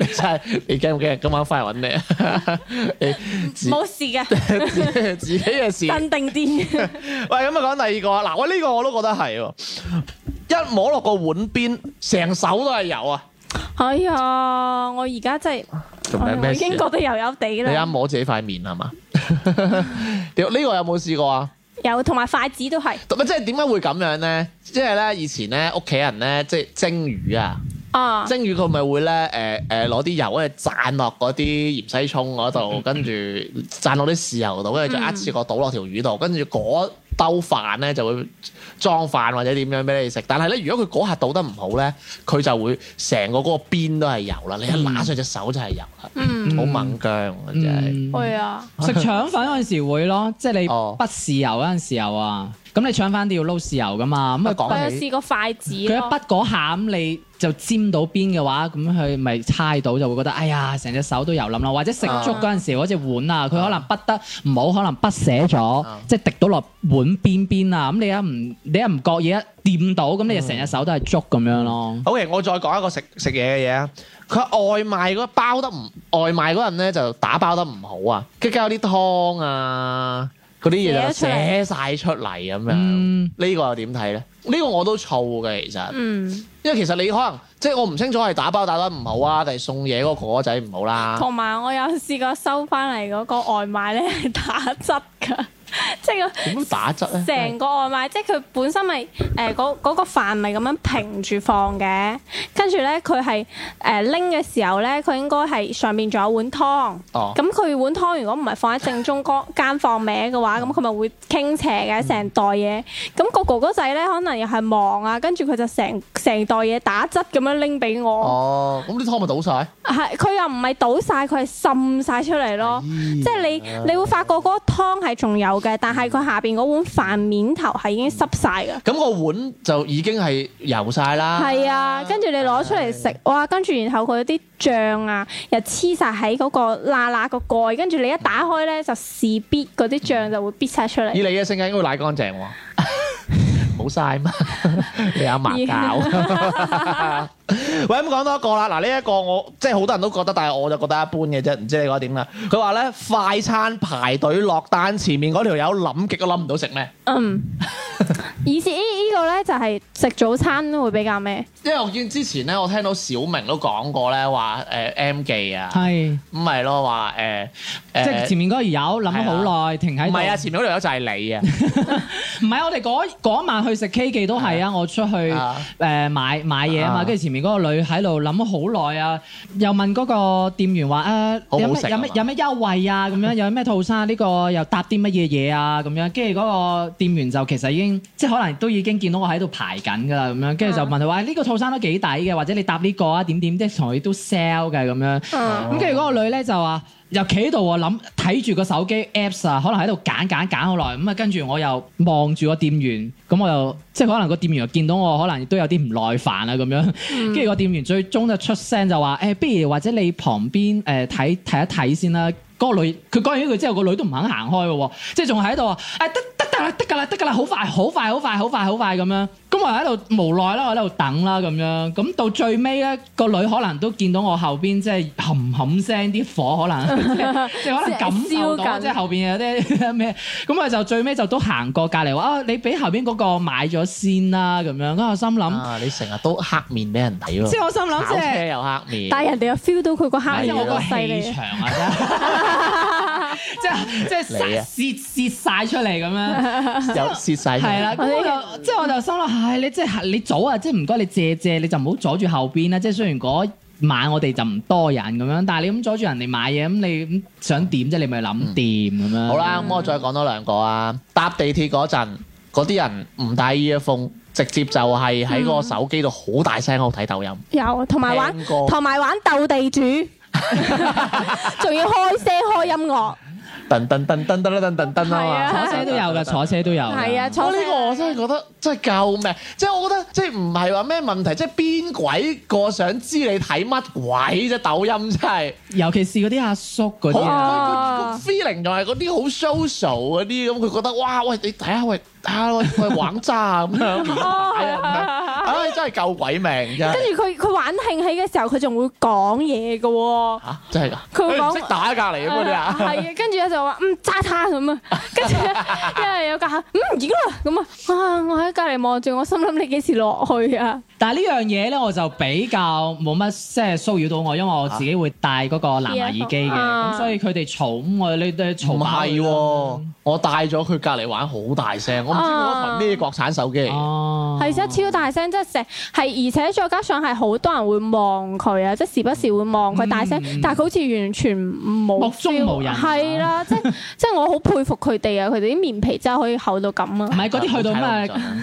你真係你驚唔驚今晚翻嚟搵你？冇自事嘅， 自己嘅事。鎮定啲。喂，咁啊講第二個啊，嗱，我、這、呢個我都覺得係，一摸落個碗邊，成手都係油啊！哎呀，我而家真係已經覺得油油地啦。你啱摸自己塊面係嘛？呢 個有冇試過啊？油同埋筷子都係。咁即係點解會咁樣咧？即係咧，以前咧，屋企人咧，即係蒸魚啊。啊！蒸魚佢咪會咧，誒誒攞啲油咧，蘸落嗰啲芫茜蔥嗰度，跟住蘸落啲豉油度，跟住就一次過倒落條魚度，跟住嗰兜飯咧就會裝飯或者點樣俾你食，但係咧如果佢嗰下倒得唔好咧，佢就會成個嗰個邊都係油啦，嗯、你一拿上隻手就係油啦，好猛薑真係。係、嗯嗯、啊，食 腸粉嗰陣時會咯，即係你不豉油嗰陣時候啊。哦咁你搶翻啲要撈豉油噶嘛？咁佢講你，我試過筷子，啊。佢一筆嗰下咁，你就沾到邊嘅話，咁佢咪猜到就會覺得，哎呀，成隻手都油淋淋。或者食粥嗰陣時嗰隻、啊、碗啊，佢可能筆得唔好，可能筆寫咗，啊、即係滴到落碗邊邊啊。咁你一唔你一唔覺嘢掂到，咁你就成隻手都係粥咁樣咯。嗯、o、okay, K，我再講一個食食嘢嘅嘢啊，佢外賣嗰包得唔外賣嗰人咧就打包得唔好啊，佢加啲湯啊。嗰啲嘢就寫晒出嚟咁、嗯、樣，呢、這個又點睇咧？呢、這個我都燥嘅其實，嗯、因為其實你可能即係、就是、我唔清楚係打包打得唔好啊，定係送嘢嗰、那個哥、那個、仔唔好啦、啊。同埋我有試過收翻嚟嗰個外賣咧係打質㗎。即係點樣打質咧？成個外賣即係佢本身咪誒嗰嗰個飯咪咁樣平住放嘅，跟住咧，佢係誒拎嘅時候咧，佢應該係上面仲有碗湯。哦，咁佢碗湯如果唔係放喺正中間放名嘅話，咁佢咪會傾斜嘅成袋嘢。咁、嗯、個哥哥仔咧可能又係忙啊，跟住佢就成成袋嘢打質咁樣拎俾我。哦，咁啲湯咪倒晒？係，佢又唔係倒晒，佢係滲晒出嚟咯。哎、呀 即係你你會發覺嗰湯係仲有。但係佢下邊嗰碗飯面頭係已經濕晒嘅、嗯。咁個碗就已經係油晒啦。係啊，跟住你攞出嚟食，哇！跟住然後佢啲醬啊，又黐晒喺嗰個辣辣個蓋，跟住你一打開咧，就試必嗰啲醬就會必晒出嚟。以你嘅性格應該舐乾淨喎，冇晒嗎？你阿嫲搞。 喂，咁講多一個啦。嗱，呢一個我即係好多人都覺得，但係我就覺得一般嘅啫。唔知你覺得點咧？佢話咧，快餐排隊落單前面嗰條友諗極都諗唔到食咩？嗯，以前呢呢個咧就係食早餐會比較咩？因為我見之前咧，我聽到小明都講過咧話，誒 M 記啊，係唔係咯話誒，呃、即係前面嗰條友諗咗好耐，停喺唔係啊？前面嗰條友就係你啊？唔係， 我哋嗰晚去食 K 記都係啊。我出去誒買買嘢啊嘛，跟住前， 前。 嗰個女喺度諗咗好耐啊，又問嗰個店員話：誒、啊、有咩有乜有乜優惠啊？咁 樣有咩套餐、啊？呢、呢個又搭啲乜嘢嘢啊？咁樣，跟住嗰個店員就其實已經即係可能都已經見到我喺度排緊㗎啦，咁樣跟住就問佢話：呢、嗯哎呢個套餐都幾抵嘅，或者你搭呢個啊點點，即係佢都 sell 嘅咁樣。咁跟住嗰、嗯嗯、個女咧就話。又企喺度，我諗睇住個手機 Apps 啊，APP s，可能喺度揀揀揀好耐，咁啊跟住我又望住個店員，咁我又即係可能個店員又見到我，可能亦都有啲唔耐煩啊咁樣。跟住個店員最終就出聲就話：誒、欸，不如或者你旁邊誒睇睇一睇先啦。個女佢講完呢句之後，個女都唔肯行開嘅喎，即係仲喺度啊！誒、哎，得得得啦，得㗎啦，得㗎啦，好快，好快，好快，好快，好快咁樣。咁我喺度無奈啦，我喺度等啦咁樣，咁到最尾咧個女可能都見到我後邊即係冚冚聲，啲火可能即係可能感受到，緊即係後，面有後邊有啲咩，咁我就最尾就都行過隔離話啊，你俾後邊嗰個買咗先啦咁樣，咁我心諗啊，你成日都黑面俾人睇喎，即係我心諗即係又黑面，但係人哋又 feel 到佢個黑面，黑面的我個氣場啊。 即係即係泄泄曬出嚟咁樣，有泄曬。係啦，咁 了我就即係我就心諗，唉， 你即係你早啊，即係唔該你借借，你就唔好阻住後邊啦。即係雖然嗰晚我哋就唔多人咁樣，但係你咁阻住人哋買嘢，咁你想點啫？你咪諗掂咁樣。好啦，咁我再講多兩個啊。搭地鐵嗰陣，嗰啲人唔帶 E F 風，直接就係喺個手機度好大聲喺度睇抖音，有同埋玩同埋玩鬥地主。仲 要開聲開音樂。噔噔噔噔噔啦，等等、嗯，噔啊！坐車都有噶，坐車都有。係啊！坐呢、啊啊呢個我真係覺得真係救命， 即係我覺得即係唔係話咩問題，即係邊鬼個想知你睇乜鬼啫？抖音真係，尤其是嗰啲阿叔嗰啲啊，哦嗰個 feelings 仲係嗰啲好 social 嗰啲咁，佢覺，覺得哇喂，你睇下喂，睇、啊、下喂，玩渣咁、 啊哦、樣，啊啊、哎真係夠鬼命啫！跟住佢佢玩興起嘅時候，佢仲會講嘢噶喎嚇，真係㗎！佢會識打隔離咁樣啊！係、就、啊、是，跟住啊～就話嗯揸他，咁啊，跟住咧一係有下，嗯見啦咁啊，我喺隔離望住，我心諗你幾時落去啊？但係呢樣嘢咧，我就比較冇乜即係騷擾到我，因為我自己會戴嗰個藍牙耳機嘅，咁、啊、所以佢哋嘈，我呢啲嘈唔係喎，我戴咗佢隔離玩好大聲，我唔知佢嗰台咩國產手機嚟嘅，係真、啊、超大聲，即係成係而且再加上係好多人會望佢啊，即係時不時會望佢大聲，但係佢好似完全冇，目、嗯嗯嗯嗯嗯、中無人係啦。即即我好佩服佢哋啊！佢哋啲面皮真係可以厚到咁啊！唔係嗰啲去到咩？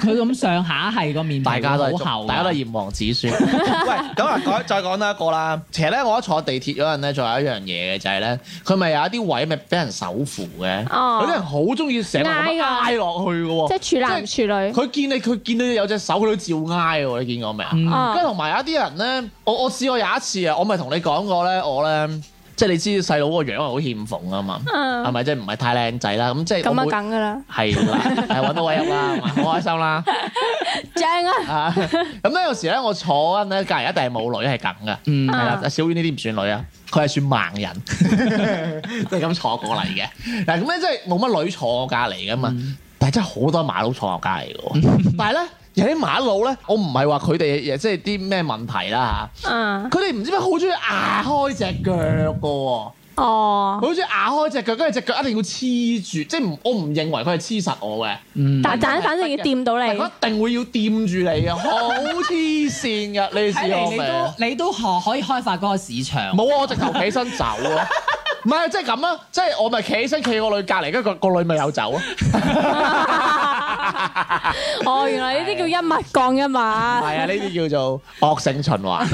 佢咁上下係個面皮大家都好厚嘅，大家都炎黃子孫。喂，咁啊，再講多一個啦。其實咧，我一坐地鐵嗰陣咧，仲有一樣嘢嘅就係咧，佢咪有一啲位咪俾人手扶嘅。哦，啲人好中意成日挨落去嘅喎。即處男處女。佢見你，佢見到有隻手佢都照挨喎。你見過未啊？跟同埋有一啲人咧，我我試過有一次啊，我咪同你講過咧，我咧。即係你知細佬個樣係好欠奉啊嘛，係咪？即係唔係太靚仔啦？咁即係咁樣梗噶啦，係啦，係搵到位入啦，好開心啦，正啊！咁咧有時咧我坐咧隔籬一定係冇女係梗噶，嗯，係啦，小婉呢啲唔算女啊，佢係算盲人，即係咁坐過嚟嘅。嗱咁咧即係冇乜女坐我隔籬噶嘛，但係真係好多馬佬坐我隔籬噶，但係咧。有啲馬路咧，我唔係話佢哋即係啲咩問題啦嚇，佢哋唔知點解好中意牙開隻腳嘅喎，好中意牙開隻腳，跟住隻腳一定要黐住，即係唔我唔認為佢係黐實我嘅，但係、嗯、反正要掂到你，明明一定會要掂住你啊！好黐線嘅，你試下，你都可可以開發嗰個市場，冇啊、嗯！我直頭企身走啊。唔係，即係咁啊！即、就、係、是就是、我咪企起身企個女隔離，跟住個女咪有走啊！哦，原來呢啲叫一物降一物。係 啊，呢啲叫做惡性循環。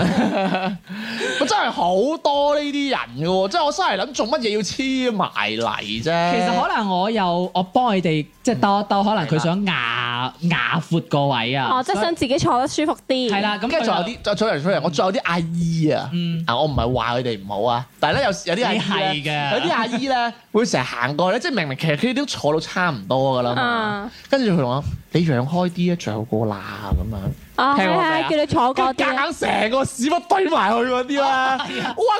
我 真係好多呢啲人嘅喎，即係我心嚟諗做乜嘢要黐埋嚟啫？其實可能我又我幫佢哋，即係兜一兜。可能佢想牙牙闊個位啊。即係想自己坐得舒服啲。係啦，咁跟住仲有啲，再再嚟再嚟，我仲有啲阿姨啊。嗯。我唔係話佢哋唔好啊，好但係咧有有啲阿有啲 阿姨咧，會成日行過嚟，即係明明其實佢哋都坐到差唔多噶啦，跟住佢講：你讓開啲啊，最好過啦咁啊！啊，係係，叫你坐過啲，夾硬成個屎忽堆埋去嗰啲啦，哇！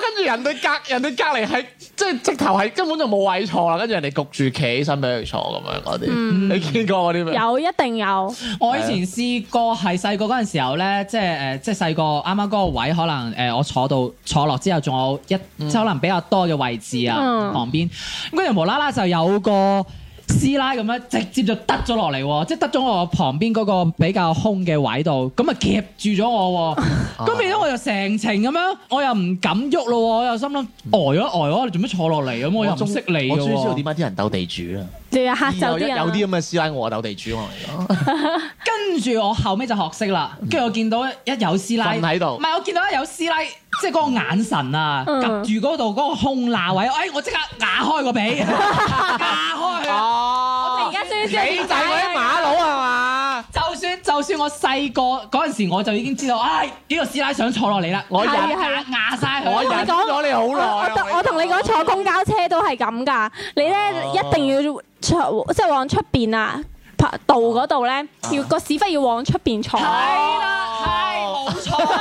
跟住人哋隔人哋隔離係，即係直頭係根本就冇位坐啦，跟住人哋焗住企起身俾佢坐咁樣嗰啲，你見過嗰啲咩？有，一定有。我以前試過係細個嗰陣時候咧，即係誒，即係細個啱啱嗰個位，可能誒我坐到坐落之後，仲有一即係可能比較多嘅位置啊旁邊，咁嗰人無啦啦就有個師奶咁樣直接就得咗落嚟，即係得咗我旁邊嗰個比較空嘅位度，咁啊夾住咗我，咁變咗我就成程咁樣，我又唔敢喐咯，我又心諗呆咗呆，呆，呆咗。你做咩坐落嚟咁？我又唔識你。我先知道點解啲人鬥地主啊？你又吓走有啲咁嘅師奶，我鬥地主我嚟。跟住我後尾就學識啦，跟住我見到一有師奶喺度，唔係、嗯、我見到一有師奶。即係嗰個眼神啊，及住嗰度嗰個空罅位，哎，我即刻牙開個鼻，牙開佢。我哋而家先知，睇睇嗰啲馬佬係嘛？就算就算我細個嗰陣時，我就已經知道，唉，呢個師奶想坐落嚟啦，我牙牙晒佢。我同你講咗你好耐。我同你講坐公交車都係咁㗎，你咧一定要坐，即係往出邊啊，道嗰度咧，要個屎忽要往出邊坐。係啦，係冇錯。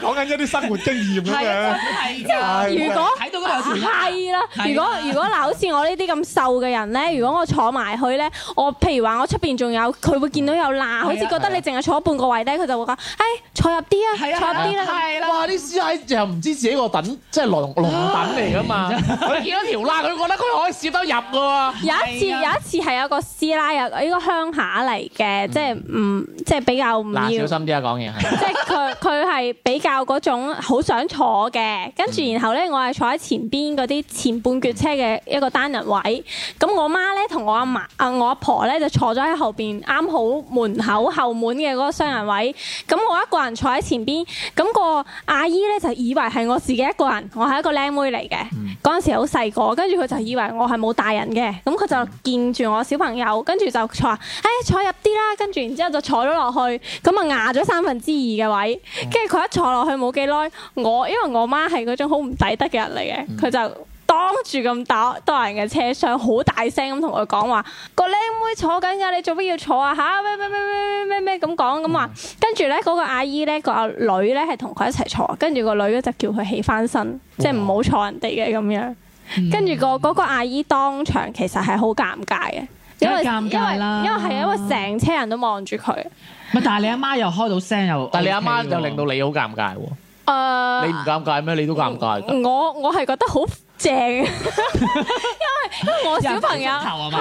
講緊一啲生活經驗咁樣係啊！如果睇到嗰條線，係啦。如果如果嗱，好似我這這呢啲咁瘦嘅人咧，如果我坐埋去咧，我譬如話我出邊仲有佢會見到有罅， 好似覺得你淨係坐半個位咧，佢就會講：誒、 哎，坐入啲啊，坐入啲啦。係哇！啲師奶就唔知自己個凳，即係龍龍凳嚟㗎嘛。佢 見 到條罅，佢覺得佢可以攝得入㗎喎。 有一次， 有一次係有個師奶啊，呢個，個鄉下嚟嘅，即係唔、嗯、即係比較唔小心啲啊！講嘢係即係佢佢係比較。教嗰種好想坐嘅。跟住然後咧，我係坐喺前邊嗰啲前半橛車嘅一個單人位，咁我媽咧同我阿嫲啊我阿婆咧就坐咗喺後邊，啱好門口後門嘅個雙人位，咁我一個人坐喺前邊，咁、那個阿姨咧就以為係我自己一個人，我係一個靚妹嚟嘅，陣、嗯、時好細個，跟住佢就以為我係冇大人嘅，咁佢就見住我小朋友，跟住就坐，誒、哎、坐入啲啦，跟住然之後就坐咗落去，咁啊壓咗三分之二嘅位，跟住佢一坐落。去冇幾耐，我因為我媽係嗰種好唔抵得嘅人嚟嘅，佢、嗯、就當住咁打多人嘅車廂，好大聲咁同佢講話：嗯個靚妹坐緊噶，你做乜要坐啊？吓咩咩咩咩咩咩咩咁講咁話。嗯、跟住咧，嗰個阿姨咧，個阿女咧係同佢一齊坐，跟住個女咧就叫佢起翻身，嗯、即係唔好坐人哋嘅咁樣。嗯嗯、跟住個嗰個阿姨當場其實係好尷尬嘅，因為因為因為係因為成車人都望住佢。但係你阿媽又開到聲，又但係你阿媽又令到你好尷尬喎。誒，你唔尷尬咩？你都尷尬。我我係覺得好正， 因為我小朋友係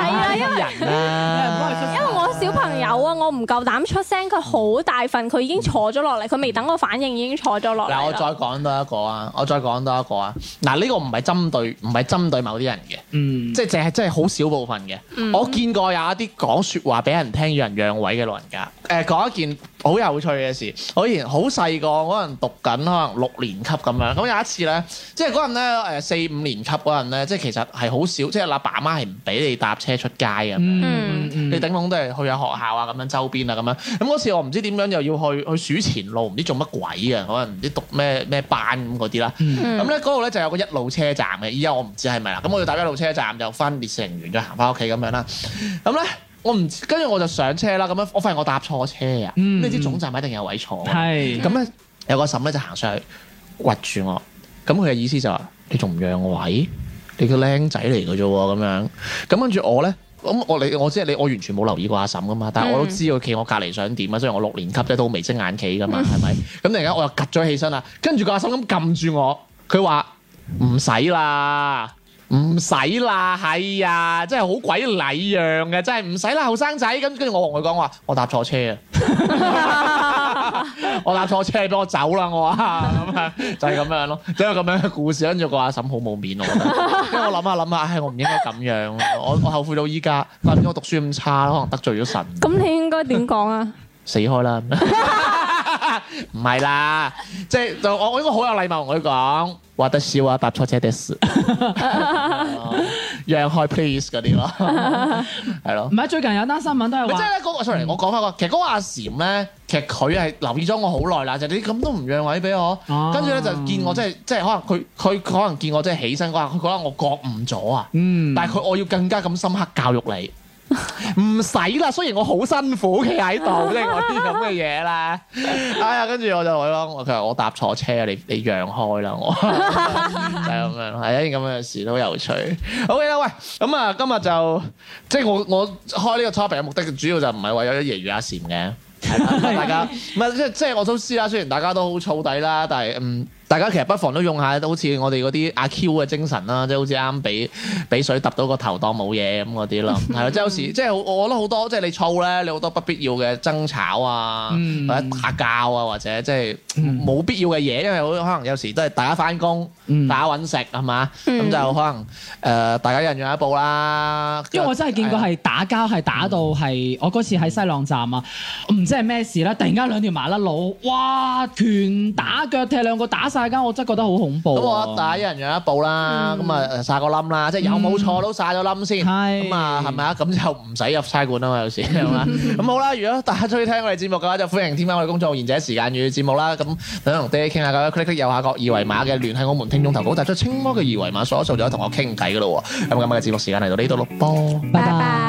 啊，因為因為我小朋友啊，我唔夠膽出聲。佢好大份，佢已經坐咗落嚟，佢、嗯、未等我反應，已經坐咗落嚟。嗱、嗯，我再講多一個啊，我再講多一個啊。嗱、啊，呢、呢個唔係針對，唔係針對某啲人嘅，嗯，即係淨係真係好少部分嘅。嗯、我見過有一啲講説話俾人聽，要人讓位嘅老人家，誒、呃、講一件好有趣嘅事，我以前好細個嗰陣讀緊可能六年級咁樣，咁有一次咧，即係嗰陣咧誒四五年級嗰陣咧，即係其實係好少，即係阿爸阿媽係唔俾你搭車出街啊，嗯、你頂籠都係去下學校啊，咁樣周邊啊，咁樣咁嗰次我唔知點樣又要去去署前路，唔知做乜鬼啊，可能唔知讀咩咩班咁嗰啲啦，咁咧嗰度咧就有一個一路車站嘅，而家我唔知係咪啦，咁我要搭一路車站就翻烈士陵園再行翻屋企咁樣啦，咁咧。我唔知，跟住我就上車啦，咁樣我發現我搭錯車啊！呢啲、嗯、總站咪一定有位坐，咁咧是有個嬸咧就行上去，屈住我。咁佢嘅意思就話、是：你仲唔讓位？你個靚仔嚟嘅啫喎，咁樣。咁跟住我咧，咁我你我即係你，我完全冇留意過阿嬸噶嘛。但係我都知佢企我隔離想點啊，所以我六年級仔都眉精眼企噶嘛，係咪？ 咁突然間我又趌咗起身啦，跟住個阿嬸咁撳住我，佢話唔使啦。唔使啦，係啊，真係好鬼禮讓嘅，真係唔使啦，後生仔。咁跟住我同佢講，我話我搭錯車啊， 我搭錯車，俾我走啦，我啊，咁、嗯就是、樣就係、是、咁樣咯，即係咁樣嘅故事。跟住個阿嬸好冇面 es, 我我想着想着、哎我，我，因我諗下諗下，唉，我唔應該咁樣，我我後悔到依家。怪我讀書咁差，可能得罪咗神。咁 你應該點講啊？ 死開啦了！ 唔係啦，即係就我我應該好有禮貌，同佢講，話得笑啊，搭錯車得事，讓開 please 嗰啲咯，係 咯的。唔係最近有單新聞都係，即係咧嗰個 sorry，我講翻個，其實嗰個阿蟬咧，其實佢係留意咗我好耐啦，就你咁都唔讓位俾我，跟住咧就見我即係即係可能佢佢可能見我即係起身，我話佢覺得我覺悟咗啊，嗯，但係佢我要更加咁深刻教育你。唔使啦，雖然我好辛苦企喺度，即係、 哎、我啲咁嘅嘢啦。哎呀，跟住我就去咯。佢話我搭錯車，你你讓開啦，我係咁樣，係一啲咁嘅事都有趣。OK 啦，喂，咁、嗯、啊，今日就即係我我開呢個 topic 嘅目，目的主要就唔係為咗夜雨阿禪嘅，係 大家唔係 即即係我都知啦。雖然大家都好燥底啦，但係嗯。大家其實不妨都用下，都好似我哋嗰啲阿 Q 嘅精神啦，即係好似啱俾俾水揼到個頭當冇嘢咁嗰啲咯，係即係有時即係我覺得好多即係你燥咧，你好多不必要嘅爭吵啊，或者打交啊，或者即係冇必要嘅嘢，因為可能有時都係大家翻工，大家揾食係嘛？咁就可能誒大家一人讓一步啦。因為我真係見過係打交係打到係，我嗰次喺西朗站啊，唔知係咩事啦，突然間兩條麻甩佬，哇，拳打腳踢兩個打大家我真覺得好恐怖。咁我、嗯、大家一人用一步啦，咁啊晒個冧啦，即係有冇錯都晒咗冧先，咁啊係咪啊？咁就唔使入差館啦，有時咁 好啦，如果大家中意聽我哋節目嘅話，就歡迎添加我哋公眾號《賢者時間與節目》啦。咁想同爹傾下嘅 click 右下角二維碼嘅，聯繫我們聽眾投稿，帶出青蛙嘅二維碼掃一掃就同我傾偈噶啦。咁今日嘅節目時間嚟到呢度咯，波，拜拜。拜拜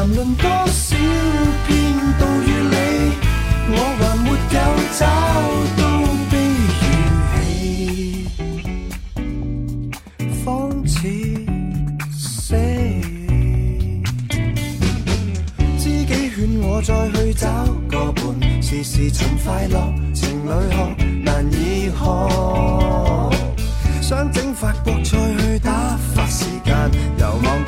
談論多少遍道與理，我還沒有找到悲與喜，仿似死。知己勸我再去找個伴，時時尋快樂，情侶學難以學，想整法國菜去打發時間，又忙。